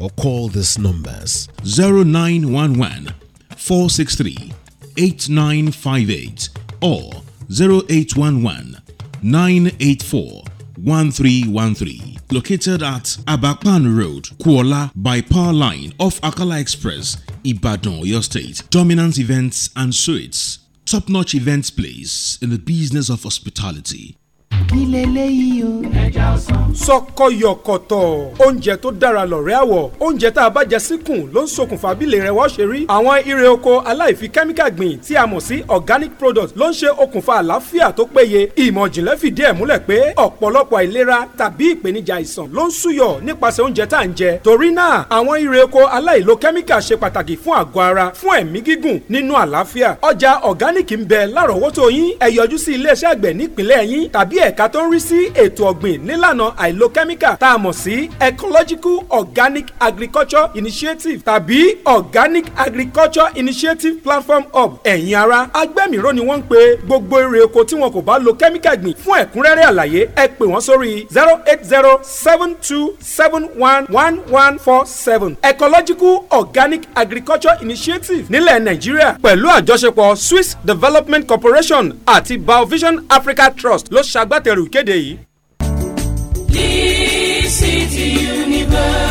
O: or call these numbers 0911 463 8958 or 0811 984 1313. Located at Abakpan Road, Kuala by Power Line off Akala Express, Ibadan, your state. Dominance events and suites top-notch events place in the business of hospitality.
C: kí leléyìí o. ẹja ọsàn. sọkọyọkọtọ oúnjẹ tó dára lọ̀rẹ́ àwọ̀ oúnjẹ tá a bá jẹ síkùn ló ń ṣokùnfà bí ilé rẹ̀ ṣe rí àwọn irè oko aláìfi kẹ́míkà gbìn tí a mọ̀ sí organic product ló ń ṣe okùnfà àlàáfíà tó péye ìmọ̀ ìjìnlẹ̀ fìdí ẹ̀ múlẹ̀ pé ọ̀pọ̀lọpọ̀ àìlera tàbí ìpèníjà àìsàn ló ń súyọ nípasẹ̀ oúnjẹ tá à ń jẹ torí náà àwọn irè oko aláìlo kẹ́míkà organic ń bẹ lárọ̀ọ́wọ́tó yín ẹ yọjú sí iléeṣẹ́ ẹ̀ka tó ń rí sí ètò ọ̀gbìn nílànà àìlókẹ́míkà tá a mọ̀ sí ecological organic agriculture initiative tàbí organic agriculture initiative platform hub ẹ̀yin ara agbẹ́mìíràn ni wọ́n ń pe gbogbo èrè oko tí wọn kò bá lo kẹ́míkà gbìn fún ẹ̀kúnrẹ́rẹ́ àlàyé ẹ pè wọ́n sórí zero eight zero seven two seven one one one four seven ecological organic agriculture initiative nílẹ̀ nàìjíríà pẹ̀lú àjọṣepọ̀ swiss development corporation àti biovision africa trust ló ṣàgbọ́ agbátẹrù ìkéde yìí.
J: Lee City universe.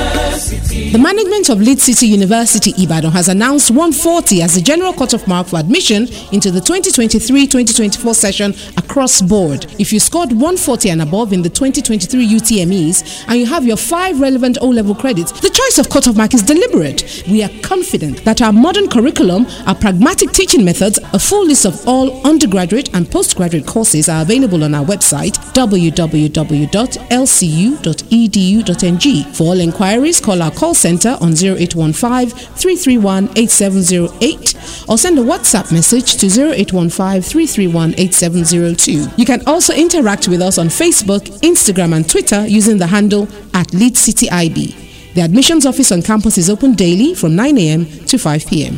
K: The management of Leeds City University Ibadan has announced 140 as the general cut-off mark for admission into the 2023-2024 session across board. If you scored 140 and above in the 2023 UTMEs and you have your five relevant O-level credits, the choice of cut-off mark is deliberate. We are confident that our modern curriculum, our pragmatic teaching methods, a full list of all undergraduate and postgraduate courses are available on our website www.lcu.edu.ng. For all inquiries, call our call center Center on 0815 331 8708 or send a WhatsApp message to 0815 331 8702. You can also interact with us on Facebook, Instagram, and Twitter using the handle at Lead City IB. The admissions office on campus is open daily from 9 a.m. to 5 p.m.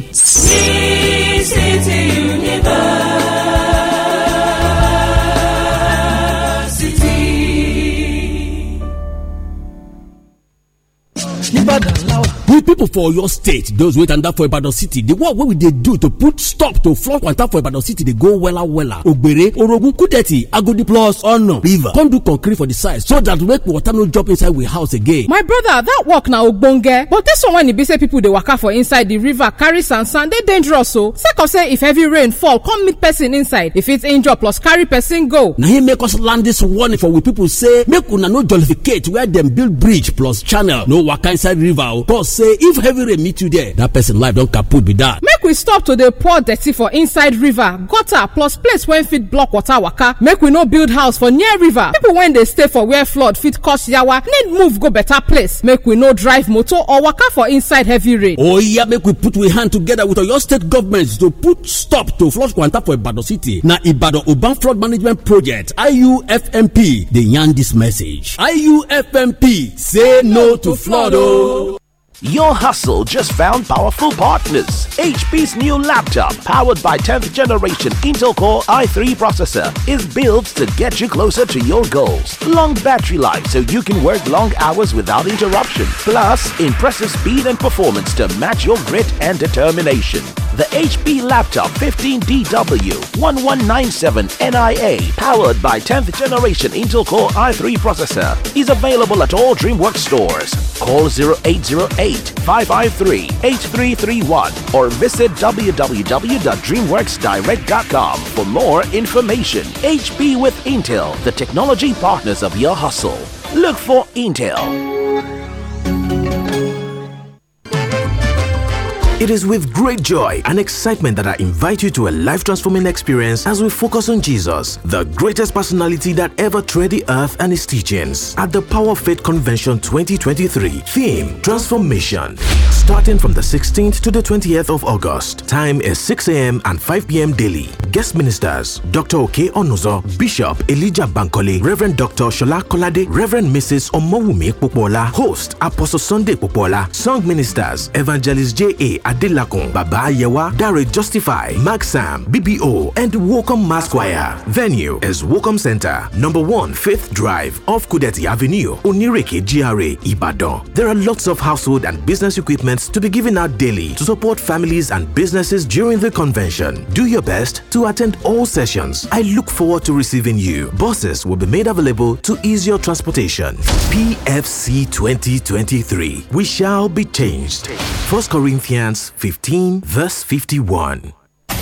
G: with people for your state those wey tanda for ibadan city the work wey we dey do to put stop to flood water for ibadan city dey go wella wella ogbere orogun kudeti agodi plus ona river come do concrete for the side so that make water no drop inside we house again.
K: my brother that work na ogbonge but this one when e be say people dey waka for inside the river carry sand sand dey dangerous o oh. sake of say if heavy rain fall come meet person inside e fit injure plus carry person go. na him make us land this warning
G: for we people say make una no jollificate where dem build bridge plus channel no waka inside river o oh. cause say if heavy rain meet you there that person life don kaput be that.
K: make we stop to dey pour dirty for inside river gutter plus place wey fit block water waka make we no build house for near river people wey dey stay for where flood fit cause yawa need move go better place make we no drive motor or waka for inside heavy rain. oya oh, make we put we hand together with oyo state government to put
G: stop to flood kwanta for ibadan city na ibadan urban flood management project iufmp dey yarn dis message iufmp say no to flood o. Oh. Your hustle just found powerful partners. HP's new laptop, powered by 10th generation Intel Core i3 processor, is built to get you closer to your goals. Long battery life so you can work long hours without interruption. Plus, impressive speed and performance to match your grit and determination. The HP Laptop
M: 15DW1197NIA, powered by 10th generation Intel
G: Core i3 processor, is available at all DreamWorks stores. Call 0808 888-553-8331 or visit www.dreamworksdirect.com for more information. HP with Intel, the technology partners of your hustle. Look for Intel. It is with great joy and excitement that I invite you to a life transforming experience as we focus on Jesus, the greatest personality that ever tread the earth and his teachings, at the Power of Faith Convention 2023. Theme Transformation. Starting from the 16th to the 20th of August. Time is 6 a.m. and 5 p.m. daily. Guest ministers Dr. Oke Onuzo, Bishop Elijah Bankole, Reverend Dr. Shola Kolade, Reverend Mrs. Omowumi Popola, host Apostle Sunday Popola, song ministers Evangelist J.A. Adelakun, Baba Yewa, Dare Justify, Maxam, BBO, and Wokom Masquire. Venue is Wokom Center, number One Fifth Drive, off Kudeti Avenue, Onireke GRA, Ibadan. There are lots of household and business equipments to be given out daily to support families and businesses during the convention. Do your best to attend all sessions. I look forward to receiving you. Buses will be made available to ease your transportation. PFC 2023. We shall be changed. 1 Corinthians 15, verse 51.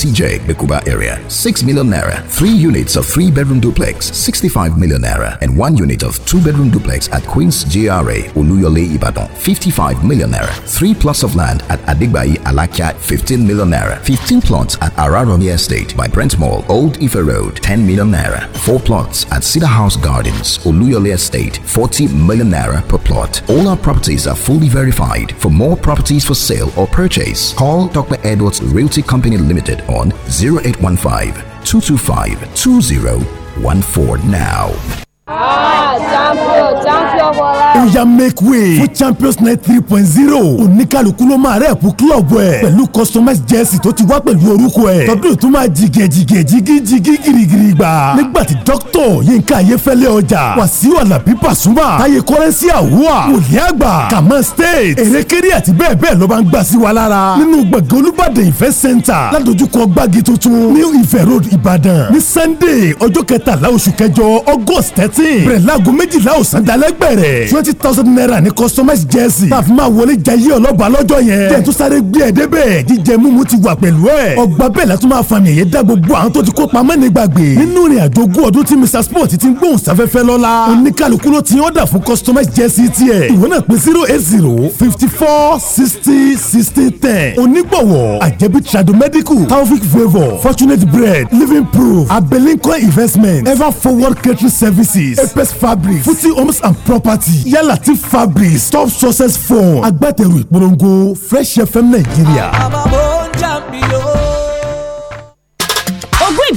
M: CJ, Bekuba area. 6 million naira. 3 units of 3 bedroom duplex, 65 million naira. And 1 unit of 2 bedroom duplex at Queen's GRA, Uluyole Ibadan, 55 million naira. 3 plots of land at Adigbai, Alakia, 15 million naira. 15 plots at Araromi Estate by Brent Mall, Old Ife Road, 10 million naira. 4 plots at Cedar House Gardens, Uluyole Estate, 40 million naira per plot. All our properties are fully verified. For more properties for sale or purchase, call Dr. Edwards Realty Company Limited on 0815 225 2014 now. Ah,
J: ó
D: yá make way fún champions night three point zero oníkàlùkù ló máa rẹ̀pù kílọ̀bù ẹ̀ pẹ̀lú customized jersey tó ti wá pẹ̀lú orúkọ ẹ̀ tọdún tó máa jìgẹ̀ jìgẹ̀ jìgí jìgí girigiri gbà nígbà tí dókítọ̀ yínká ayéfẹ́lẹ́ ọjà wàsíù alábí pàṣùmà táyé kọ́rẹ́nsì àwùwà wòlíì àgbà kàmá state èrèkéré àti bẹ́ẹ̀ bẹ́ẹ̀ ló máa ń gbà sí wa lára nínú gbọ̀ngàn olúbàdàn ìfẹ́ center ládojúkọ gbági tuntun new ife road ìbàdàn ní sunday ọjọ́ kẹtàlá oṣù kẹjọ august thirty sixteen bẹ̀rẹ̀ láago méjìlá ọ̀sán dalẹ́ twenty thousand naira ni customized jersey tá a fi máa wọlé jayé ọlọ́ba lọ́jọ́ yẹn jẹ́ tó sáré gbé ẹ̀ débẹ̀ jíjẹ mímu ti wà pẹ̀lú ẹ̀ ọgbà bẹ́ẹ̀ la tún máa fa mi ẹ̀yẹ dá gbogbo àwọn tó ti kó pamọ́ ní gbàgbé nínú ìrìn àjò ogún ọdún tí Mr Sport ti ń gbóhùn sáfẹ́fẹ́ lọ́la oníkàlùkù ló ti ọ̀dà fún customized jersey tiẹ̀ ìwọ náà pé zero eight zero fifty four sixty sixty ten onígbọ̀wọ̀ àjẹbí trado medical taofik favour fortunate bread living proof abelinko investment ever forward catering services fabrics Epes fabrics Futi homes and property Yálà ti fabrics top Sources phone agbátẹrù ìpolongo Fresh FM Nàìjíríà.
J: àbàbò ń jà mí o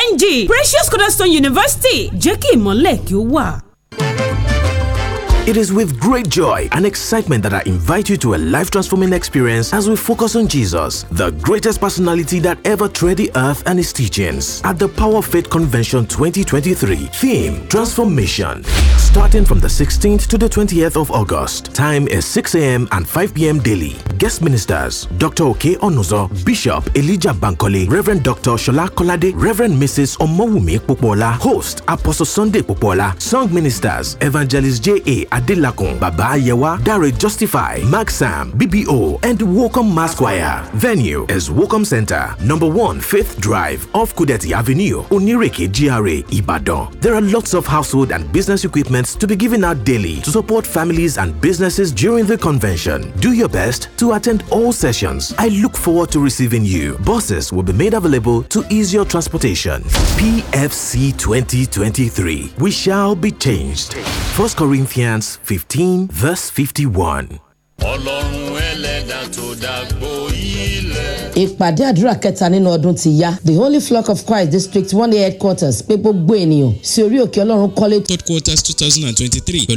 K: ng Precious Cornerstone University jẹ́ kí ìmọ̀lẹ̀ kí ó wà.
G: It is with great joy and excitement that I invite you to a life transforming experience as we focus on Jesus, the greatest personality that ever tread the earth and his teachings, at the Power of Faith Convention 2023. Theme Transformation. Starting from the 16th to the 20th of August. Time is 6 a.m. and 5 p.m. daily. Guest ministers Dr. Oke Onuzo, Bishop Elijah Bankole, Reverend Dr. Shola Kolade, Reverend Mrs. Omowumi Popola, host Apostle Sunday Popola, song ministers Evangelist J.A. Adelakun, Baba Yewa, Dare Justify, Maxam, BBO, and Wokom Masquire. Venue is Wokom Center, number one Fifth Drive, off Kudeti Avenue, Onireke GRA, Ibadan. There are lots of household and business equipment to be given out daily to support families and businesses during the convention. Do your best to attend all sessions. I look forward to receiving you. Buses will be made available to ease your transportation. PFC 2023. We shall be changed. First Corinthians Psalms 15 verse 51. ọlọ́run ẹlẹ́dà tó dàgbò
K: ilẹ̀. ìpàdé àdúrà kẹta nínú ọdún ti yá the holy flock of christ district one headquarters pé gbogbo ènìyàn sí orí òkè ọlọ́run kọ́lé. third
H: quarters two thousand and twenty-three